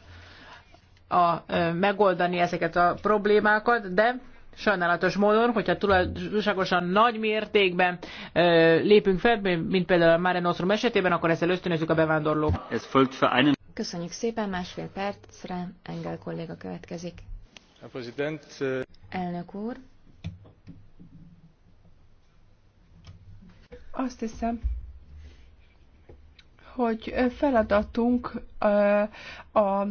a, megoldani ezeket a problémákat, de sajnálatos módon, hogyha túlságosan nagy mértékben lépünk fel, mint például a Mare Nostrum esetében, akkor ezzel ösztönözzük a bevándorlók. Köszönjük szépen, másfél percre Engel kolléga következik. A president... Äh, Elnök úr. Azt hiszem, hogy feladatunk a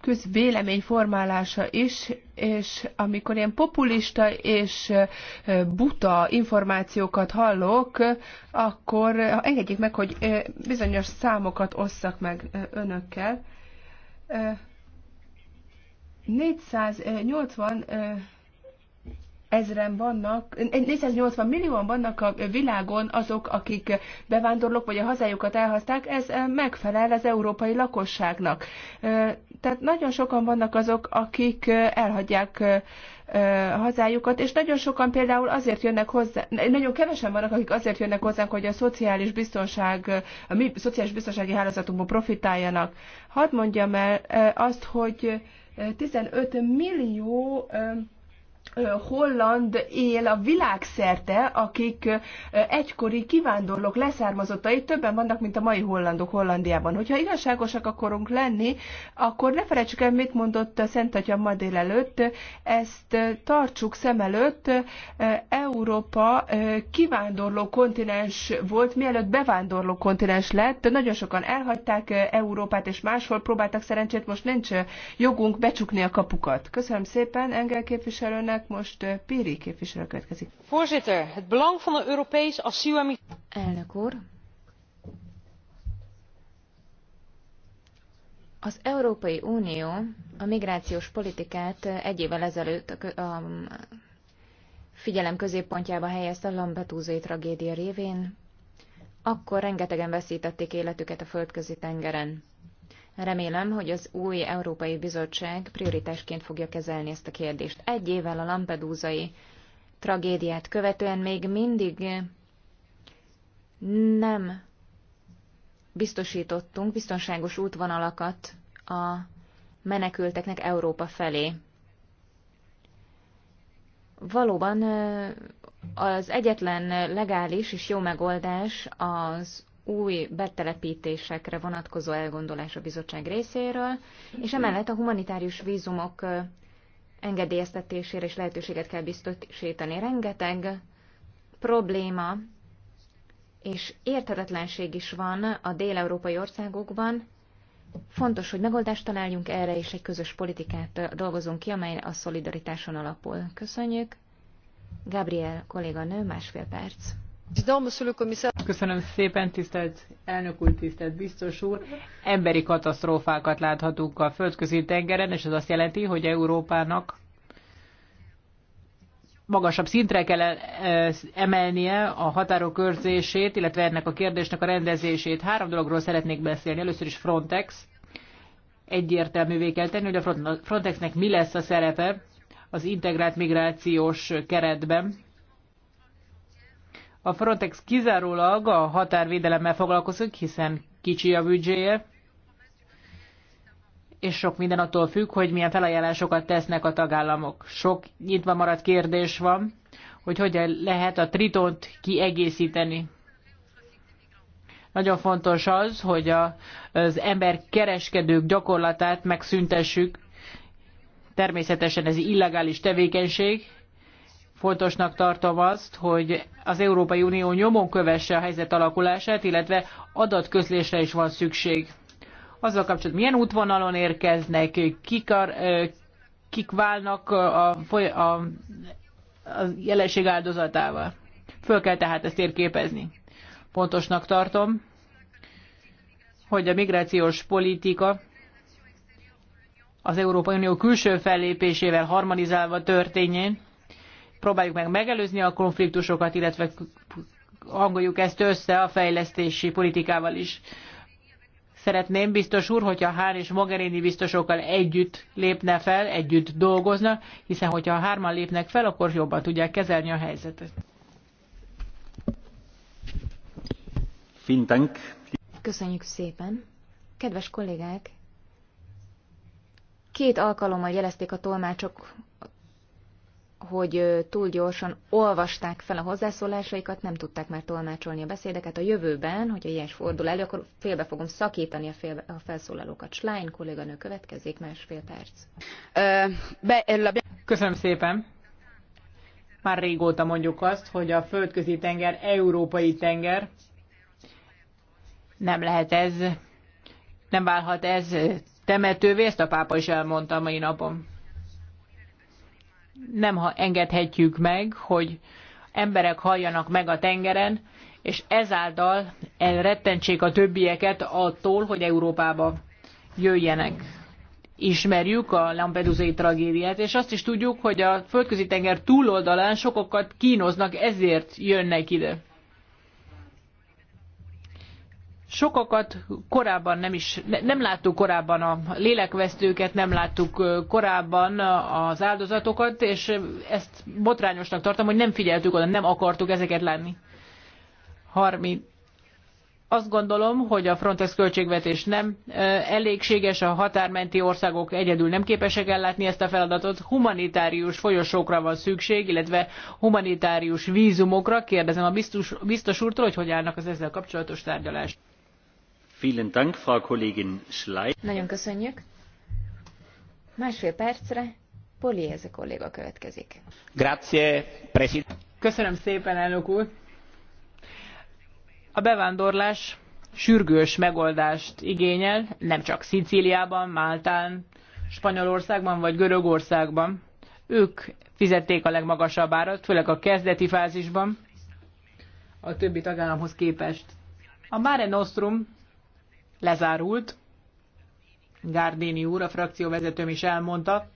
közvélemény formálása is, és amikor ilyen populista és buta információkat hallok, akkor engedjék meg, hogy bizonyos számokat osszak meg önökkel. 480 ezren vannak, 480 millióan vannak a világon azok, akik bevándorlók vagy a hazájukat elhazták, ez eh, megfelel az európai lakosságnak. Eh, tehát nagyon sokan vannak azok, akik eh, elhagyják hazájukat, és nagyon sokan például azért jönnek hozzá, nagyon kevesen vannak, akik azért jönnek hozzánk, hogy a szociális biztonság, a mi szociális biztonsági hálózatunkból profitáljanak. Hadd mondjam el azt, hogy 15 millió holland él a világszerte, akik egykori kivándorlók leszármazottai, többen vannak, mint a mai hollandok Hollandiában. Hogyha igazságosak akarunk lenni, akkor ne felejtsük el, mit mondott a Szent Atya ma délelőtt, ezt tartsuk szem előtt, Európa kivándorló kontinens volt, mielőtt bevándorló kontinens lett, nagyon sokan elhagyták Európát, és máshol próbáltak szerencsét, most nincs jogunk becsukni a kapukat. Köszönöm szépen Engel képviselőnek, kollégák, most Péri képviselő következik. Voorzitter, het belang van de Europees asiel en Elnök úr, Az Európai Unió a migrációs politikát egy évvel ezelőtt a figyelem középpontjába helyezte a Lambetúzai tragédia révén. Akkor rengetegen veszítették életüket a földközi tengeren. Remélem, hogy az új Európai Bizottság prioritásként fogja kezelni ezt a kérdést. Egy évvel a Lampedúzai tragédiát követően még mindig nem biztosítottunk biztonságos útvonalakat a menekülteknek Európa felé. Valóban az egyetlen legális és jó megoldás az új betelepítésekre vonatkozó elgondolás a bizottság részéről, és emellett a humanitárius vízumok engedélyeztetésére és lehetőséget kell biztosítani. Rengeteg probléma és érthetetlenség is van a dél-európai országokban. Fontos, hogy megoldást találjunk erre, és egy közös politikát dolgozunk ki, amely a szolidaritáson alapul. Köszönjük. Gabriel kolléganő, másfél perc. Köszönöm szépen, tisztelt elnök úr, tisztelt biztos úr. Emberi katasztrófákat láthatunk a földközi tengeren, és ez azt jelenti, hogy Európának magasabb szintre kell emelnie a határok őrzését, illetve ennek a kérdésnek a rendezését. Három dologról szeretnék beszélni. Először is Frontex. Egyértelművé kell tenni, hogy a Frontexnek mi lesz a szerepe az integrált migrációs keretben a Frontex kizárólag a határvédelemmel foglalkozik, hiszen kicsi a büdzséje, és sok minden attól függ, hogy milyen felajánlásokat tesznek a tagállamok. Sok nyitva maradt kérdés van, hogy hogyan lehet a tritont kiegészíteni. Nagyon fontos az, hogy a, az ember kereskedők gyakorlatát megszüntessük. Természetesen ez illegális tevékenység, fontosnak tartom azt, hogy az Európai Unió nyomon kövesse a helyzet alakulását, illetve adatközlésre is van szükség. Azzal kapcsolatban milyen útvonalon érkeznek, kik, a, kik válnak a, a, a jelenség áldozatával. Föl kell tehát ezt térképezni. Pontosnak tartom, hogy a migrációs politika az Európai Unió külső fellépésével harmonizálva történjen, próbáljuk meg megelőzni a konfliktusokat, illetve hangoljuk ezt össze a fejlesztési politikával is. Szeretném biztos úr, hogyha Hán és Mogherini biztosokkal együtt lépne fel, együtt dolgozna, hiszen hogyha a hárman lépnek fel, akkor jobban tudják kezelni a helyzetet. Köszönjük szépen! Kedves kollégák! Két alkalommal jelezték a tolmácsok hogy túl gyorsan olvasták fel a hozzászólásaikat, nem tudták már tolmácsolni a beszédeket. A jövőben, hogyha ilyen fordul elő, akkor félbe fogom szakítani a, félbe, a felszólalókat. Slány kolléganő következik, másfél perc. Köszönöm szépen. Már régóta mondjuk azt, hogy a földközi tenger európai tenger. Nem lehet ez, nem válhat ez temetővé, ezt a pápa is elmondta a mai napon nem engedhetjük meg, hogy emberek halljanak meg a tengeren, és ezáltal elrettentsék a többieket attól, hogy Európába jöjjenek. Ismerjük a lampedusa tragédiát, és azt is tudjuk, hogy a földközi tenger túloldalán sokokat kínoznak, ezért jönnek ide sokakat korábban nem is, nem láttuk korábban a lélekvesztőket, nem láttuk korábban az áldozatokat, és ezt botrányosnak tartom, hogy nem figyeltük oda, nem akartuk ezeket lenni. 30. Azt gondolom, hogy a Frontex költségvetés nem elégséges, a határmenti országok egyedül nem képesek ellátni ezt a feladatot. Humanitárius folyosókra van szükség, illetve humanitárius vízumokra. Kérdezem a biztos, biztos úrtól, hogy hogy állnak az ezzel kapcsolatos tárgyalást. Nagyon köszönjük. Másfél percre Poliéze kolléga következik. Grazie, president. Köszönöm szépen, elnök úr. A bevándorlás sürgős megoldást igényel, nem csak Szicíliában, Máltán, Spanyolországban vagy Görögországban. Ők fizették a legmagasabb árat, főleg a kezdeti fázisban, a többi tagállamhoz képest. A Mare Nostrum lezárult. Gárdéni úr, a frakcióvezetőm is elmondta,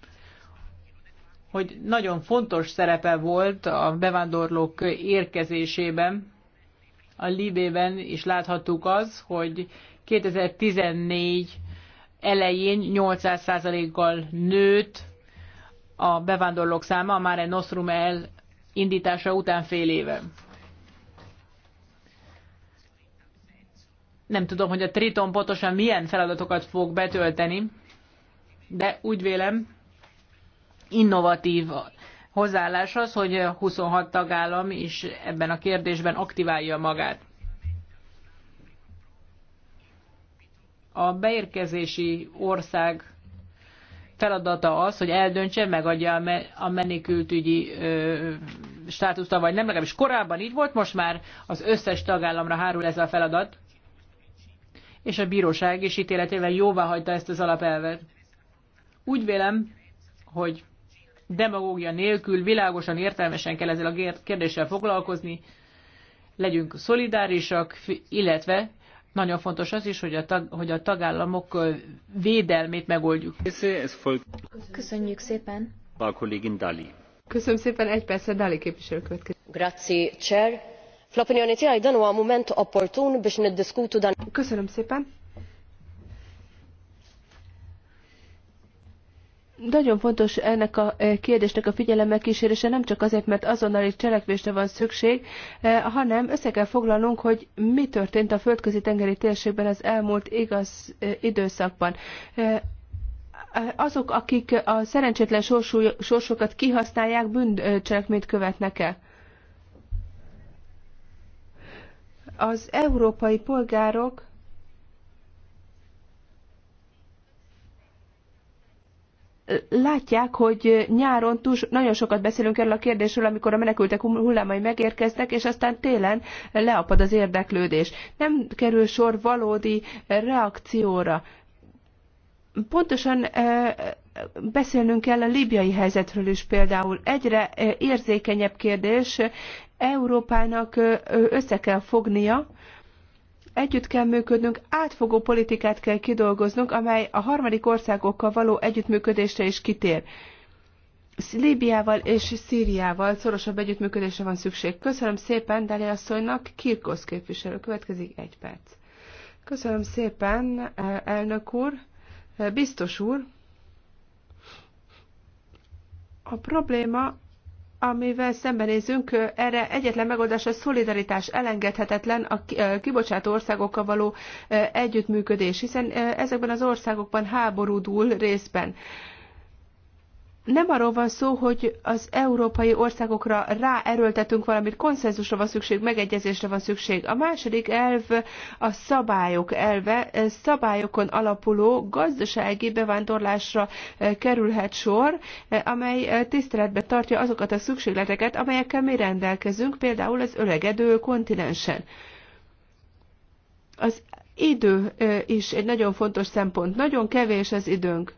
hogy nagyon fontos szerepe volt a bevándorlók érkezésében. A Libében is láthattuk az, hogy 2014 elején 800%-kal nőtt a bevándorlók száma a Mare Nostrum el indítása után fél éve. Nem tudom, hogy a Triton pontosan milyen feladatokat fog betölteni, de úgy vélem, innovatív hozzáállás az, hogy 26 tagállam is ebben a kérdésben aktiválja magát. A beérkezési ország feladata az, hogy eldöntse, megadja a menekültügyi státuszt, vagy nem, legalábbis korábban így volt, most már az összes tagállamra hárul ez a feladat és a bíróság is ítéletével jóvá hagyta ezt az alapelvet. Úgy vélem, hogy demagógia nélkül világosan, értelmesen kell ezzel a kérdéssel foglalkozni, legyünk szolidárisak, illetve nagyon fontos az is, hogy a, tag, hogy a tagállamok védelmét megoldjuk. Köszönjük szépen! A kollégin Dali. Köszönöm szépen, egy persze Dali képviselő következik. Grazie, Chair fl tiegħi dan huwa mument opportun biex niddiskutu dan. Köszönöm szépen. Nagyon fontos ennek a eh, kérdésnek a figyelemmel kísérése, nem csak azért, mert azonnali cselekvésre van szükség, eh, hanem össze kell foglalnunk, hogy mi történt a földközi tengeri térségben az elmúlt igaz eh, időszakban. Azok, akik a szerencsétlen sorsokat kihasználják, bűncselekményt követnek el. Az európai polgárok látják, hogy nyáron túl, nagyon sokat beszélünk erről a kérdésről, amikor a menekültek hullámai megérkeznek, és aztán télen leapad az érdeklődés. Nem kerül sor valódi reakcióra. Pontosan eh, beszélnünk kell a libiai helyzetről is például. Egyre eh, érzékenyebb kérdés, Európának össze kell fognia, együtt kell működnünk, átfogó politikát kell kidolgoznunk, amely a harmadik országokkal való együttműködésre is kitér. Líbiával és Szíriával szorosabb együttműködésre van szükség. Köszönöm szépen Dali asszonynak, Kirkosz képviselő. Következik egy perc. Köszönöm szépen, e, elnök úr, e, biztos úr. A probléma amivel szembenézünk, erre egyetlen megoldás a szolidaritás elengedhetetlen a kibocsátó országokkal való együttműködés, hiszen ezekben az országokban háború dúl részben nem arról van szó, hogy az európai országokra ráerőltetünk valamit, konszenzusra van szükség, megegyezésre van szükség. A második elv a szabályok elve, szabályokon alapuló gazdasági bevándorlásra eh, kerülhet sor, eh, amely eh, tiszteletbe tartja azokat a szükségleteket, amelyekkel mi rendelkezünk, például az öregedő kontinensen. Az idő is egy nagyon fontos szempont. Nagyon kevés az időnk.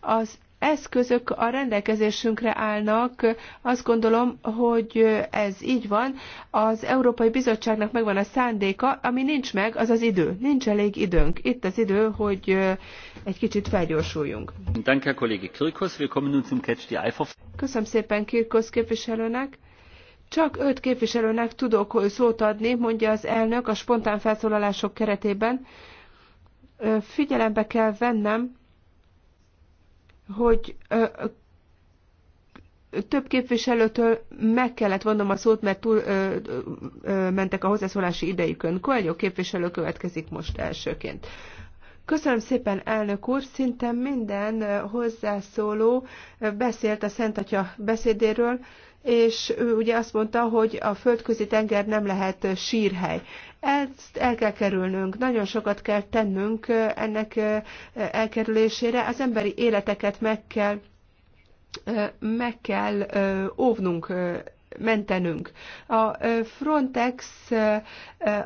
Az eszközök a rendelkezésünkre állnak. Azt gondolom, hogy ez így van. Az Európai Bizottságnak megvan a szándéka, ami nincs meg, az az idő. Nincs elég időnk. Itt az idő, hogy egy kicsit felgyorsuljunk. Köszönöm szépen Kirkos képviselőnek. Csak öt képviselőnek tudok szót adni, mondja az elnök a spontán felszólalások keretében. Figyelembe kell vennem, hogy több képviselőtől meg kellett vonnom a szót, mert túl ö, ö, mentek a hozzászólási idejükön. Koelyó képviselő következik most elsőként. Köszönöm szépen, elnök úr! Szinte minden hozzászóló beszélt a Szent Atya beszédéről, és ő ugye azt mondta, hogy a földközi tenger nem lehet sírhely. Ezt el kell kerülnünk, nagyon sokat kell tennünk ennek elkerülésére, az emberi életeket meg kell, meg kell óvnunk mentenünk. A Frontex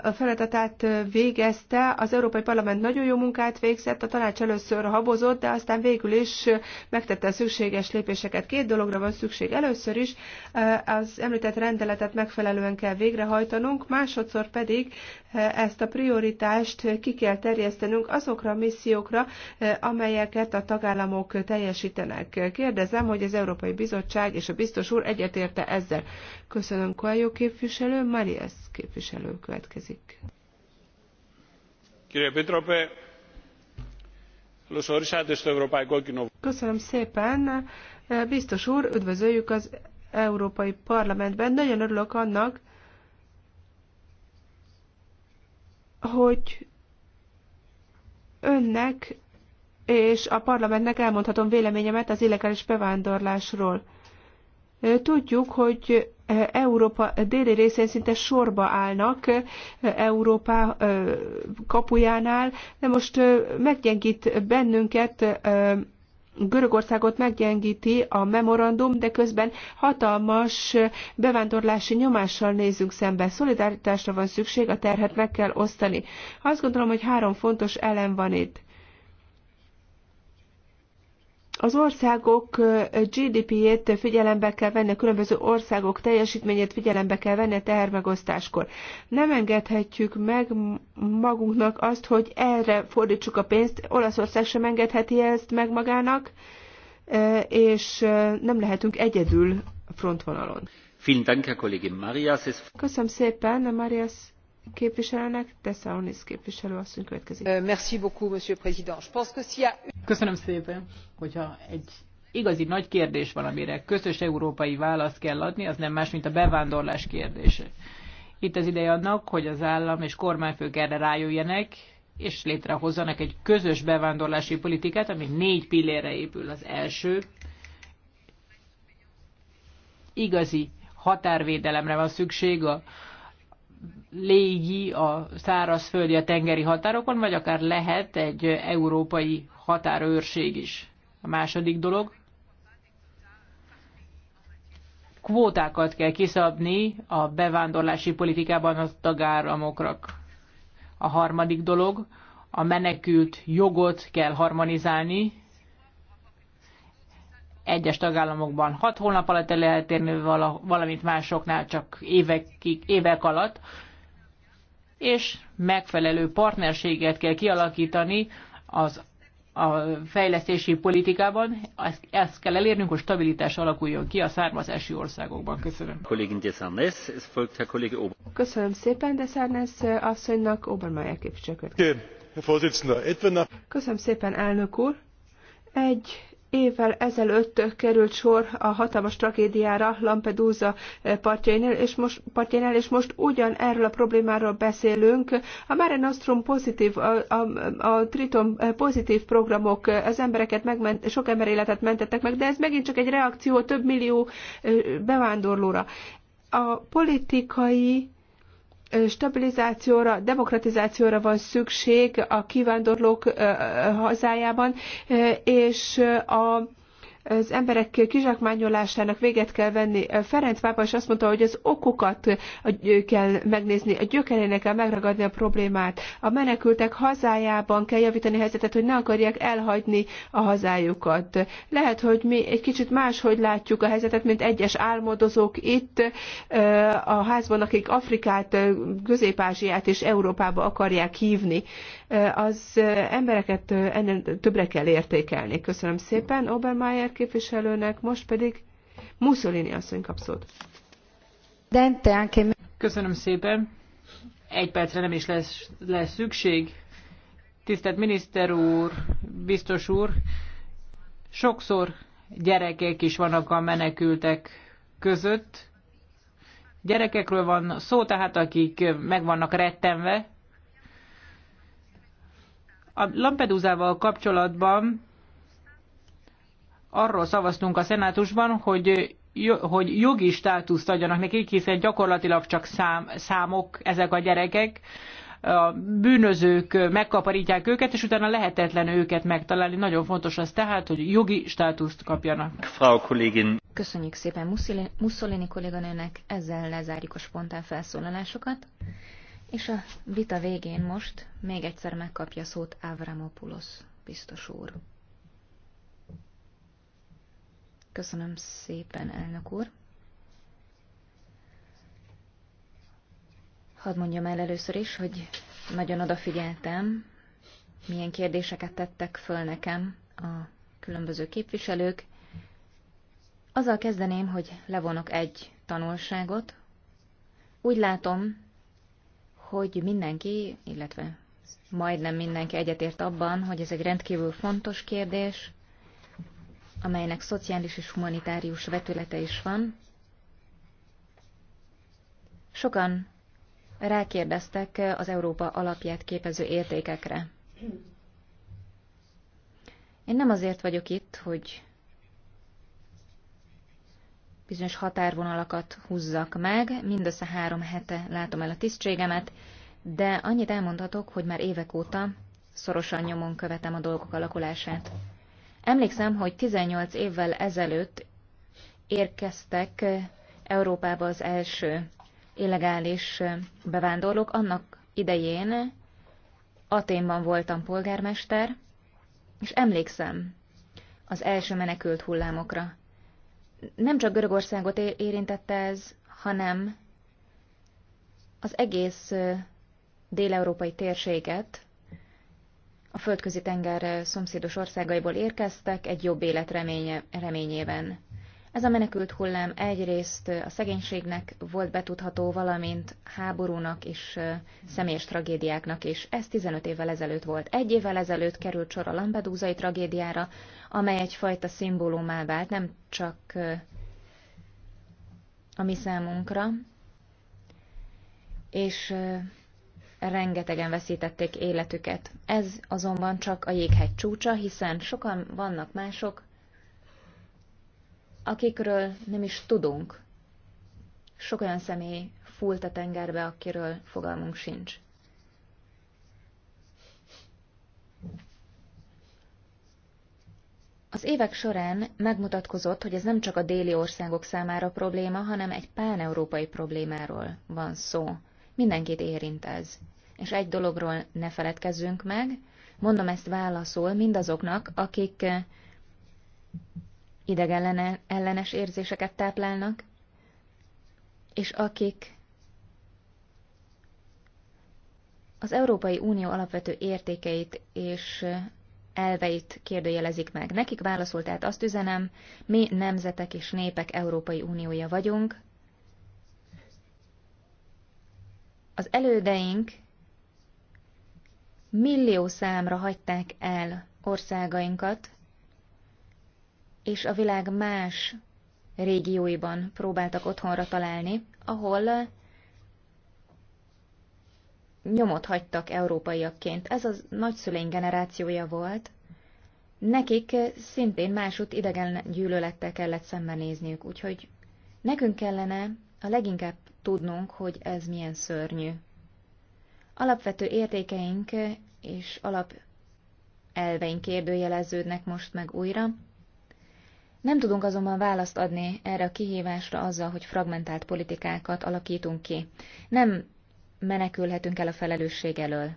a feladatát végezte, az Európai Parlament nagyon jó munkát végzett, a tanács először habozott, de aztán végül is megtette a szükséges lépéseket. Két dologra van szükség. Először is az említett rendeletet megfelelően kell végrehajtanunk, másodszor pedig ezt a prioritást ki kell terjesztenünk azokra a missziókra, amelyeket a tagállamok teljesítenek. Kérdezem, hogy az Európai Bizottság és a biztos úr egyetérte ezzel. Köszönöm Koályó képviselő, Marias képviselő következik. Köszönöm szépen. Biztos úr, üdvözöljük az Európai Parlamentben. Nagyon örülök annak, hogy önnek és a parlamentnek elmondhatom véleményemet az illegális bevándorlásról. Tudjuk, hogy Európa déli részén szinte sorba állnak Európa kapujánál, de most meggyengít bennünket Görögországot meggyengíti a memorandum, de közben hatalmas bevándorlási nyomással nézünk szembe. Szolidaritásra van szükség, a terhet meg kell osztani. Azt gondolom, hogy három fontos elem van itt az országok GDP-jét figyelembe kell venni, a különböző országok teljesítményét figyelembe kell venni a tehermegosztáskor. Nem engedhetjük meg magunknak azt, hogy erre fordítsuk a pénzt. Olaszország sem engedheti ezt meg magának, és nem lehetünk egyedül a frontvonalon. Köszönöm szépen, Marias képviselőnek, Tessalonis képviselő asszony következik. Euh, merci beaucoup, monsieur président. Je pense que si a... Köszönöm szépen, hogyha egy igazi nagy kérdés van, amire közös európai választ kell adni, az nem más, mint a bevándorlás kérdése. Itt az ideje annak, hogy az állam és kormányfők erre rájöjjenek, és létrehozzanak egy közös bevándorlási politikát, ami négy pillére épül. Az első igazi határvédelemre van szükség a légi, a szárazföldi, a tengeri határokon, vagy akár lehet egy európai határőrség is. A második dolog, kvótákat kell kiszabni a bevándorlási politikában a tagáramokra A harmadik dolog, a menekült jogot kell harmonizálni, egyes tagállamokban hat hónap alatt el lehet érni valamit másoknál csak évekig, évek alatt, és megfelelő partnerséget kell kialakítani az a fejlesztési politikában. Ezt, ezt kell elérnünk, hogy stabilitás alakuljon ki a származási országokban. Köszönöm. Köszönöm szépen, de Sarnes asszonynak Obermeyer képviselőt. Köszönöm szépen, elnök úr. Egy évvel ezelőtt került sor a hatalmas tragédiára Lampedusa partjainál, és most, partjainál, és most ugyan erről a problémáról beszélünk. A Mare Nostrum pozitív, a, a, a Triton pozitív programok az embereket megment, sok ember életet mentettek meg, de ez megint csak egy reakció több millió bevándorlóra. A politikai stabilizációra, demokratizációra van szükség a kivándorlók hazájában, és a az emberek kizsákmányolásának véget kell venni. Ferenc pápa is azt mondta, hogy az okokat kell megnézni, a gyökerének kell megragadni a problémát. A menekültek hazájában kell javítani a helyzetet, hogy ne akarják elhagyni a hazájukat. Lehet, hogy mi egy kicsit máshogy látjuk a helyzetet, mint egyes álmodozók itt a házban, akik Afrikát, Közép-Ázsiát és Európába akarják hívni az embereket ennél többre kell értékelni. Köszönöm szépen Obermeier képviselőnek, most pedig Mussolini asszony kap szót. Köszönöm szépen. Egy percre nem is lesz, lesz szükség. Tisztelt miniszter úr, biztos úr, sokszor gyerekek is vannak a menekültek között. Gyerekekről van szó, tehát akik meg vannak rettenve, a Lampedusával kapcsolatban arról szavaztunk a szenátusban, hogy hogy jogi státuszt adjanak nekik, hiszen gyakorlatilag csak szám, számok ezek a gyerekek, a bűnözők megkaparítják őket, és utána lehetetlen őket megtalálni. Nagyon fontos az tehát, hogy jogi státuszt kapjanak. Frau Kollégin. Köszönjük szépen Mussolini kolléganőnek, ezzel lezárjuk a spontán felszólalásokat. És a vita végén most még egyszer megkapja szót Avramopoulos biztos úr. Köszönöm szépen, elnök úr. Hadd mondjam el először is, hogy nagyon odafigyeltem, milyen kérdéseket tettek föl nekem a különböző képviselők. Azzal kezdeném, hogy levonok egy tanulságot. Úgy látom, hogy mindenki, illetve majdnem mindenki egyetért abban, hogy ez egy rendkívül fontos kérdés, amelynek szociális és humanitárius vetülete is van. Sokan rákérdeztek az Európa alapját képező értékekre. Én nem azért vagyok itt, hogy bizonyos határvonalakat húzzak meg. Mindössze három hete látom el a tisztségemet, de annyit elmondhatok, hogy már évek óta szorosan nyomon követem a dolgok alakulását. Emlékszem, hogy 18 évvel ezelőtt érkeztek eh, Európába az első illegális eh, bevándorlók. Annak idején eh, Aténban voltam polgármester, és emlékszem az első menekült hullámokra nem csak Görögországot érintette ez, hanem az egész déleurópai térséget, a földközi tenger szomszédos országaiból érkeztek egy jobb élet reményében. Ez a menekült hullám egyrészt a szegénységnek volt betudható, valamint háborúnak és személyes tragédiáknak is. Ez 15 évvel ezelőtt volt. Egy évvel ezelőtt került sor a Lampedúzai tragédiára, amely egyfajta szimbólumá vált, nem csak a mi számunkra, és rengetegen veszítették életüket. Ez azonban csak a jéghegy csúcsa, hiszen sokan vannak mások, akikről nem is tudunk. Sok olyan személy fúlt a tengerbe, akiről fogalmunk sincs. Az évek során megmutatkozott, hogy ez nem csak a déli országok számára probléma, hanem egy páneurópai problémáról van szó. Mindenkit érint ez. És egy dologról ne feledkezzünk meg, mondom ezt válaszul mindazoknak, akik idegellenes érzéseket táplálnak, és akik az Európai Unió alapvető értékeit és elveit kérdőjelezik meg. Nekik válaszolt tehát azt üzenem, mi nemzetek és népek Európai Uniója vagyunk. Az elődeink millió számra hagyták el országainkat, és a világ más régióiban próbáltak otthonra találni, ahol nyomot hagytak európaiakként. Ez az nagyszüleink generációja volt. Nekik szintén másút idegen gyűlölettel kellett szembenézniük, úgyhogy nekünk kellene a leginkább tudnunk, hogy ez milyen szörnyű. Alapvető értékeink és alap elveink kérdőjeleződnek most meg újra, nem tudunk azonban választ adni erre a kihívásra azzal, hogy fragmentált politikákat alakítunk ki. Nem menekülhetünk el a felelősség elől.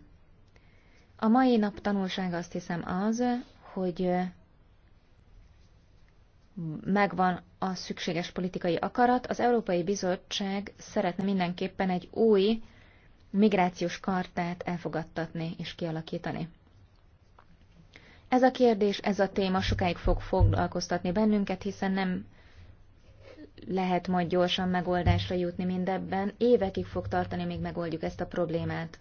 A mai nap tanulsága azt hiszem az, hogy megvan a szükséges politikai akarat. Az Európai Bizottság szeretne mindenképpen egy új migrációs kartát elfogadtatni és kialakítani. Ez a kérdés, ez a téma sokáig fog foglalkoztatni bennünket, hiszen nem lehet majd gyorsan megoldásra jutni mindebben. Évekig fog tartani, még megoldjuk ezt a problémát.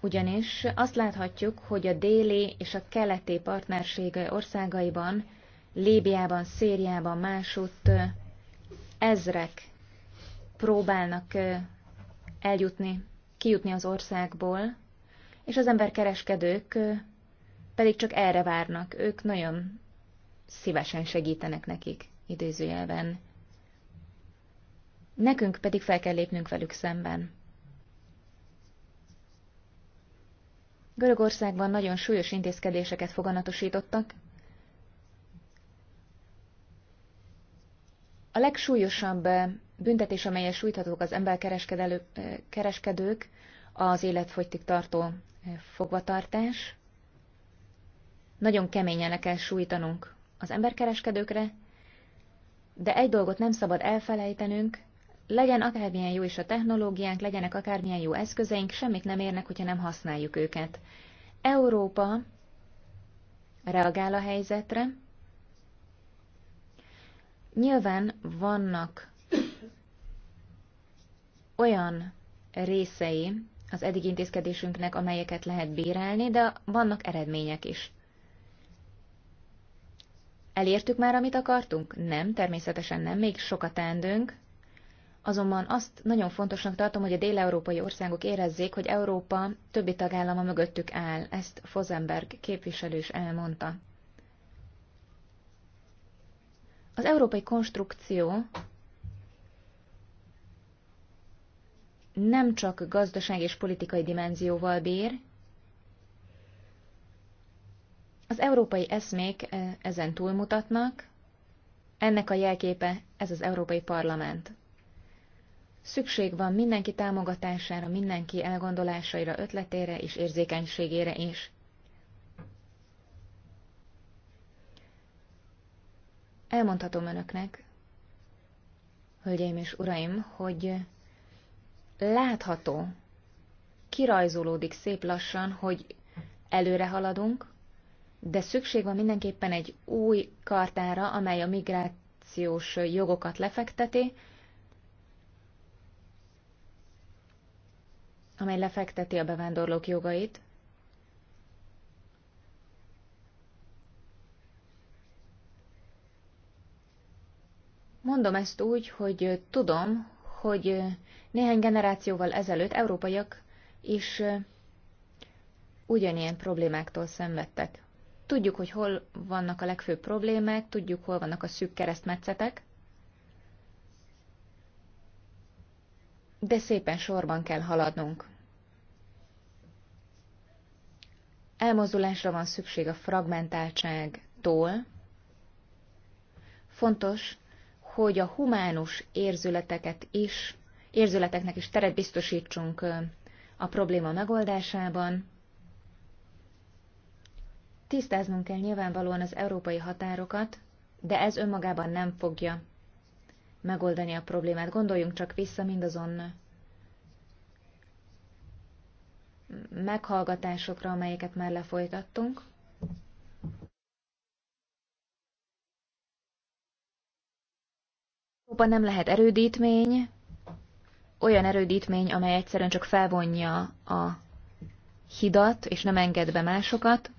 Ugyanis azt láthatjuk, hogy a déli és a keleti partnerség országaiban, Líbiában, Szériában, másutt ezrek próbálnak eljutni, kijutni az országból, és az emberkereskedők pedig csak erre várnak. Ők nagyon szívesen segítenek nekik, idézőjelben. Nekünk pedig fel kell lépnünk velük szemben. Görögországban nagyon súlyos intézkedéseket foganatosítottak. A legsúlyosabb büntetés, amelyes sújthatók az emberkereskedők, az életfogytig tartó fogvatartás. Nagyon keményen le kell sújtanunk az emberkereskedőkre, de egy dolgot nem szabad elfelejtenünk, legyen akármilyen jó is a technológiánk, legyenek akármilyen jó eszközeink, semmit nem érnek, hogyha nem használjuk őket. Európa reagál a helyzetre. Nyilván vannak olyan részei az eddig intézkedésünknek, amelyeket lehet bírálni, de vannak eredmények is. Elértük már, amit akartunk? Nem, természetesen nem, még sokat teendőnk. Azonban azt nagyon fontosnak tartom, hogy a déleurópai országok érezzék, hogy Európa többi tagállama mögöttük áll. Ezt Fozenberg képviselő is elmondta. Az európai konstrukció nem csak gazdaság és politikai dimenzióval bír, az európai eszmék e, ezen túlmutatnak, ennek a jelképe ez az Európai Parlament. Szükség van mindenki támogatására, mindenki elgondolásaira, ötletére és érzékenységére is. Elmondhatom önöknek, hölgyeim és uraim, hogy látható, kirajzolódik szép lassan, hogy előre haladunk, de szükség van mindenképpen egy új kartára, amely a migrációs jogokat lefekteti, amely lefekteti a bevándorlók jogait, Mondom ezt úgy, hogy tudom, hogy néhány generációval ezelőtt európaiak is ugyanilyen problémáktól szenvedtek. Tudjuk, hogy hol vannak a legfőbb problémák, tudjuk, hol vannak a szűk keresztmetszetek, de szépen sorban kell haladnunk. Elmozdulásra van szükség a fragmentáltságtól. Fontos, hogy a humánus érzületeket is érzületeknek is teret biztosítsunk a probléma megoldásában. Tisztáznunk kell nyilvánvalóan az európai határokat, de ez önmagában nem fogja megoldani a problémát. Gondoljunk csak vissza mindazon meghallgatásokra, amelyeket már lefolytattunk. Európa nem lehet erődítmény, olyan erődítmény, amely egyszerűen csak felvonja a hidat, és nem enged be másokat.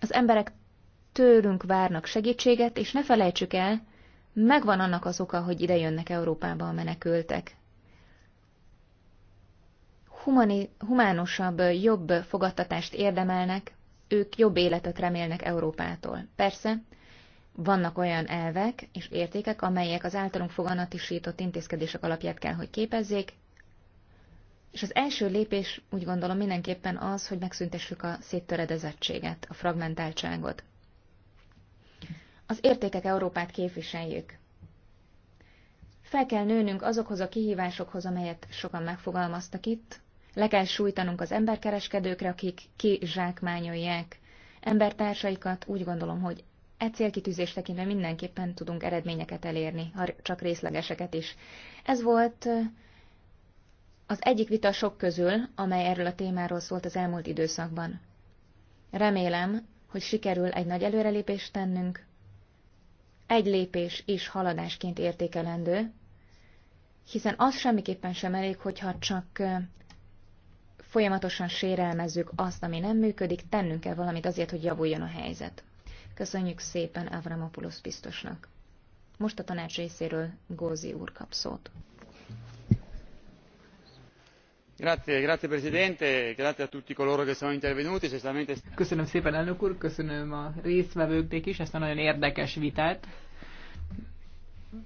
Az emberek tőlünk várnak segítséget, és ne felejtsük el, megvan annak az oka, hogy ide jönnek Európába a menekültek. Humani, humánusabb, jobb fogadtatást érdemelnek, ők jobb életet remélnek Európától. Persze, vannak olyan elvek és értékek, amelyek az általunk foganatisított intézkedések alapját kell, hogy képezzék, és az első lépés úgy gondolom mindenképpen az, hogy megszüntessük a széttöredezettséget, a fragmentáltságot. Az értékek Európát képviseljük. Fel kell nőnünk azokhoz a kihívásokhoz, amelyet sokan megfogalmaztak itt. Le kell sújtanunk az emberkereskedőkre, akik kizsákmányolják embertársaikat. Úgy gondolom, hogy E célkitűzés tekintve mindenképpen tudunk eredményeket elérni, ha csak részlegeseket is. Ez volt az egyik vita sok közül, amely erről a témáról szólt az elmúlt időszakban. Remélem, hogy sikerül egy nagy előrelépést tennünk. Egy lépés is haladásként értékelendő, hiszen az semmiképpen sem elég, hogyha csak folyamatosan sérelmezzük azt, ami nem működik, tennünk kell valamit azért, hogy javuljon a helyzet. Köszönjük szépen Avramopoulos biztosnak. Most a tanács részéről Gózi úr kap szót. Grazie, grazie Presidente, grazie a tutti coloro che sono intervenuti. Köszönöm szépen, elnök úr, köszönöm a résztvevőknek is ezt a nagyon érdekes vitát.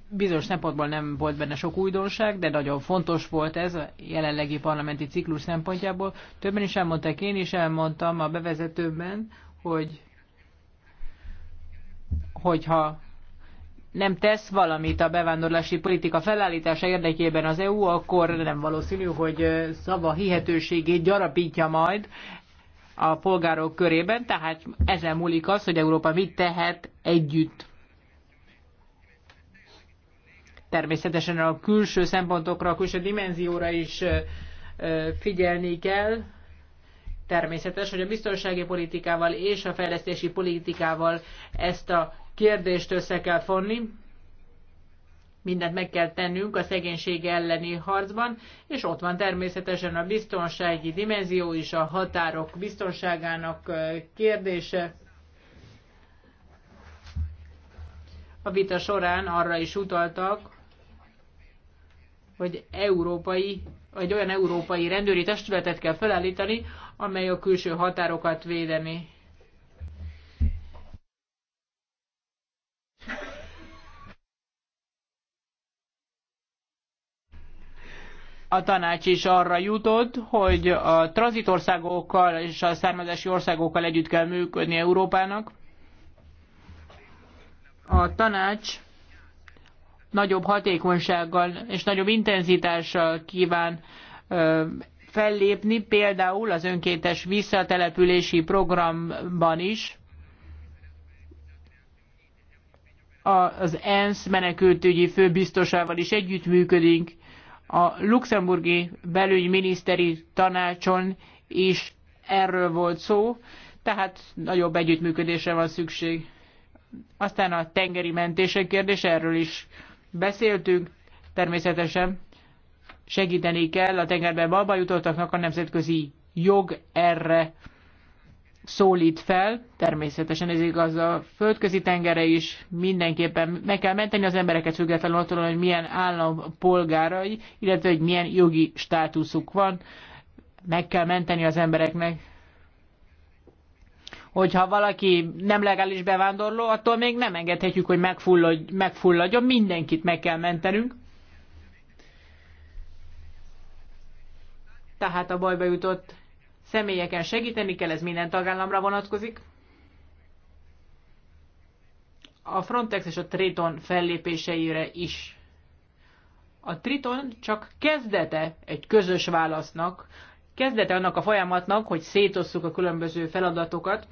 Bizonyos szempontból nem volt benne sok újdonság, de nagyon fontos volt ez a jelenlegi parlamenti ciklus szempontjából. Többen is elmondták, én is elmondtam a bevezetőben, hogy hogyha nem tesz valamit a bevándorlási politika felállítása érdekében az EU, akkor nem valószínű, hogy szava hihetőségét gyarapítja majd a polgárok körében, tehát ezen múlik az, hogy Európa mit tehet együtt. Természetesen a külső szempontokra, a külső dimenzióra is figyelni kell, Természetes, hogy a biztonsági politikával és a fejlesztési politikával ezt a kérdést össze kell fonni. Mindent meg kell tennünk a szegénység elleni harcban, és ott van természetesen a biztonsági dimenzió is, a határok biztonságának kérdése. A vita során arra is utaltak, hogy európai, vagy olyan európai rendőri testületet kell felállítani, amely a külső határokat védeni. A tanács is arra jutott, hogy a tranzitországokkal és a származási országokkal együtt kell működni Európának. A tanács nagyobb hatékonysággal és nagyobb intenzitással kíván fellépni, például az önkéntes visszatelepülési programban is. Az ENSZ menekültügyi főbiztosával is együttműködünk, a luxemburgi belügyminiszteri tanácson is erről volt szó, tehát nagyobb együttműködésre van szükség. Aztán a tengeri mentések kérdés, erről is beszéltünk természetesen segíteni kell a tengerben balba jutottaknak, a nemzetközi jog erre szólít fel. Természetesen ez igaz a földközi tengere is, mindenképpen meg kell menteni az embereket függetlenül attól, hogy milyen állam polgárai, illetve hogy milyen jogi státuszuk van. Meg kell menteni az embereknek. Hogyha valaki nem legális bevándorló, attól még nem engedhetjük, hogy megfulladjon mindenkit meg kell mentenünk tehát a bajba jutott személyeken segíteni kell, ez minden tagállamra vonatkozik. A Frontex és a Triton fellépéseire is. A Triton csak kezdete egy közös válasznak, kezdete annak a folyamatnak, hogy szétosszuk a különböző feladatokat.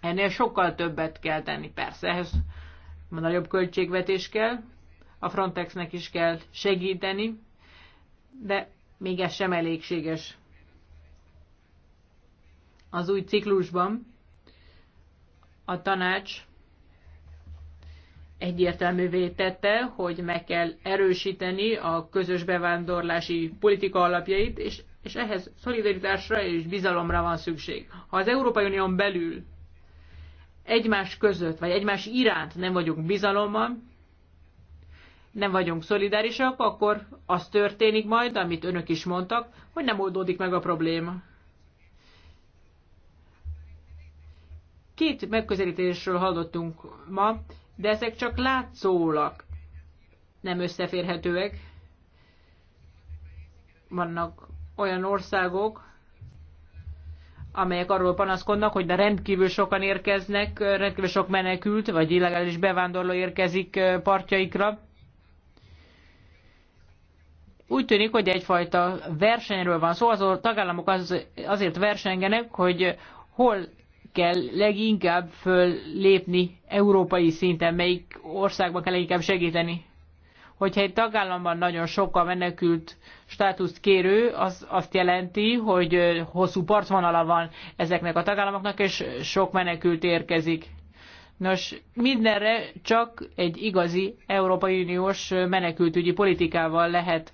Ennél sokkal többet kell tenni, persze, ehhez nagyobb költségvetés kell, a Frontexnek is kell segíteni, de még ez sem elégséges. Az új ciklusban a tanács egyértelművé tette, hogy meg kell erősíteni a közös bevándorlási politika alapjait, és, és ehhez szolidaritásra és bizalomra van szükség. Ha az Európai Unión belül egymás között, vagy egymás iránt nem vagyunk bizalommal, nem vagyunk szolidárisak, akkor az történik majd, amit önök is mondtak, hogy nem oldódik meg a probléma. Két megközelítésről hallottunk ma, de ezek csak látszólag nem összeférhetőek. Vannak olyan országok, amelyek arról panaszkodnak, hogy de rendkívül sokan érkeznek, rendkívül sok menekült vagy illegális bevándorló érkezik partjaikra úgy tűnik, hogy egyfajta versenyről van szó, szóval a tagállamok az, azért versengenek, hogy hol kell leginkább föllépni európai szinten, melyik országban kell leginkább segíteni. Hogyha egy tagállamban nagyon sok a menekült státuszt kérő, az azt jelenti, hogy hosszú partvonala van ezeknek a tagállamoknak, és sok menekült érkezik. Nos, mindenre csak egy igazi Európai Uniós menekültügyi politikával lehet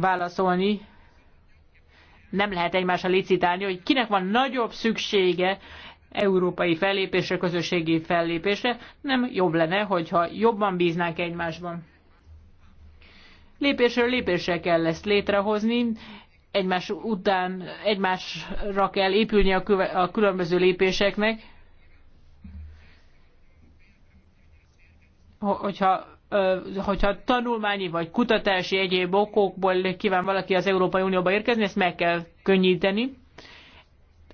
válaszolni. Nem lehet egymásra licitálni, hogy kinek van nagyobb szüksége európai fellépésre, közösségi fellépésre, nem jobb lenne, hogyha jobban bíznánk egymásban. Lépésről lépésre kell ezt létrehozni, egymás után, egymásra kell épülni a, küve, a különböző lépéseknek. Hogyha hogyha tanulmányi vagy kutatási egyéb okokból kíván valaki az Európai Unióba érkezni, ezt meg kell könnyíteni.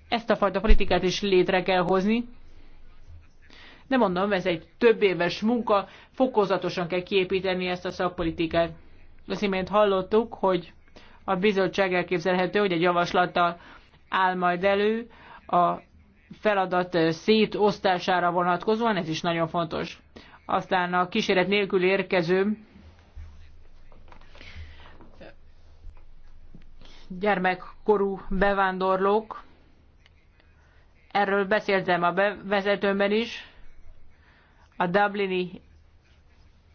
Ezt a fajta politikát is létre kell hozni. De mondom, ez egy több éves munka, fokozatosan kell kiépíteni ezt a szakpolitikát. Az imént hallottuk, hogy a bizottság elképzelhető, hogy egy javaslattal áll majd elő a feladat szétosztására vonatkozóan, ez is nagyon fontos aztán a kíséret nélkül érkező gyermekkorú bevándorlók. Erről beszéltem a bevezetőmben is. A Dublini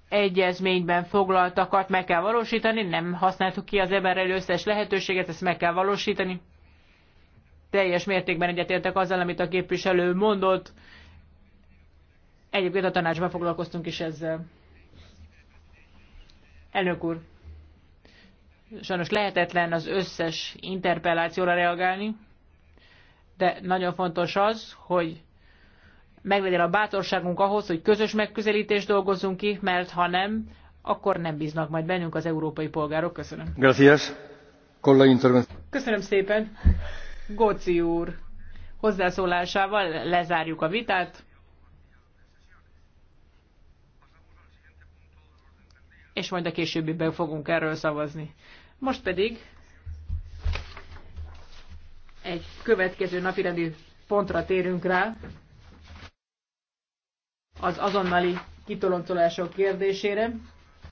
egyezményben foglaltakat meg kell valósítani, nem használtuk ki az ebben összes lehetőséget, ezt meg kell valósítani. Teljes mértékben egyetértek azzal, amit a képviselő mondott, Egyébként a tanácsban foglalkoztunk is ezzel. Elnök úr, sajnos lehetetlen az összes interpellációra reagálni, de nagyon fontos az, hogy meglegyen a bátorságunk ahhoz, hogy közös megközelítést dolgozzunk ki, mert ha nem, akkor nem bíznak majd bennünk az európai polgárok. Köszönöm. Gracias. Köszönöm szépen. Góci úr hozzászólásával lezárjuk a vitát. és majd a későbbiben fogunk erről szavazni. Most pedig egy következő napirendi pontra térünk rá, az azonnali kitoloncolások kérdésére.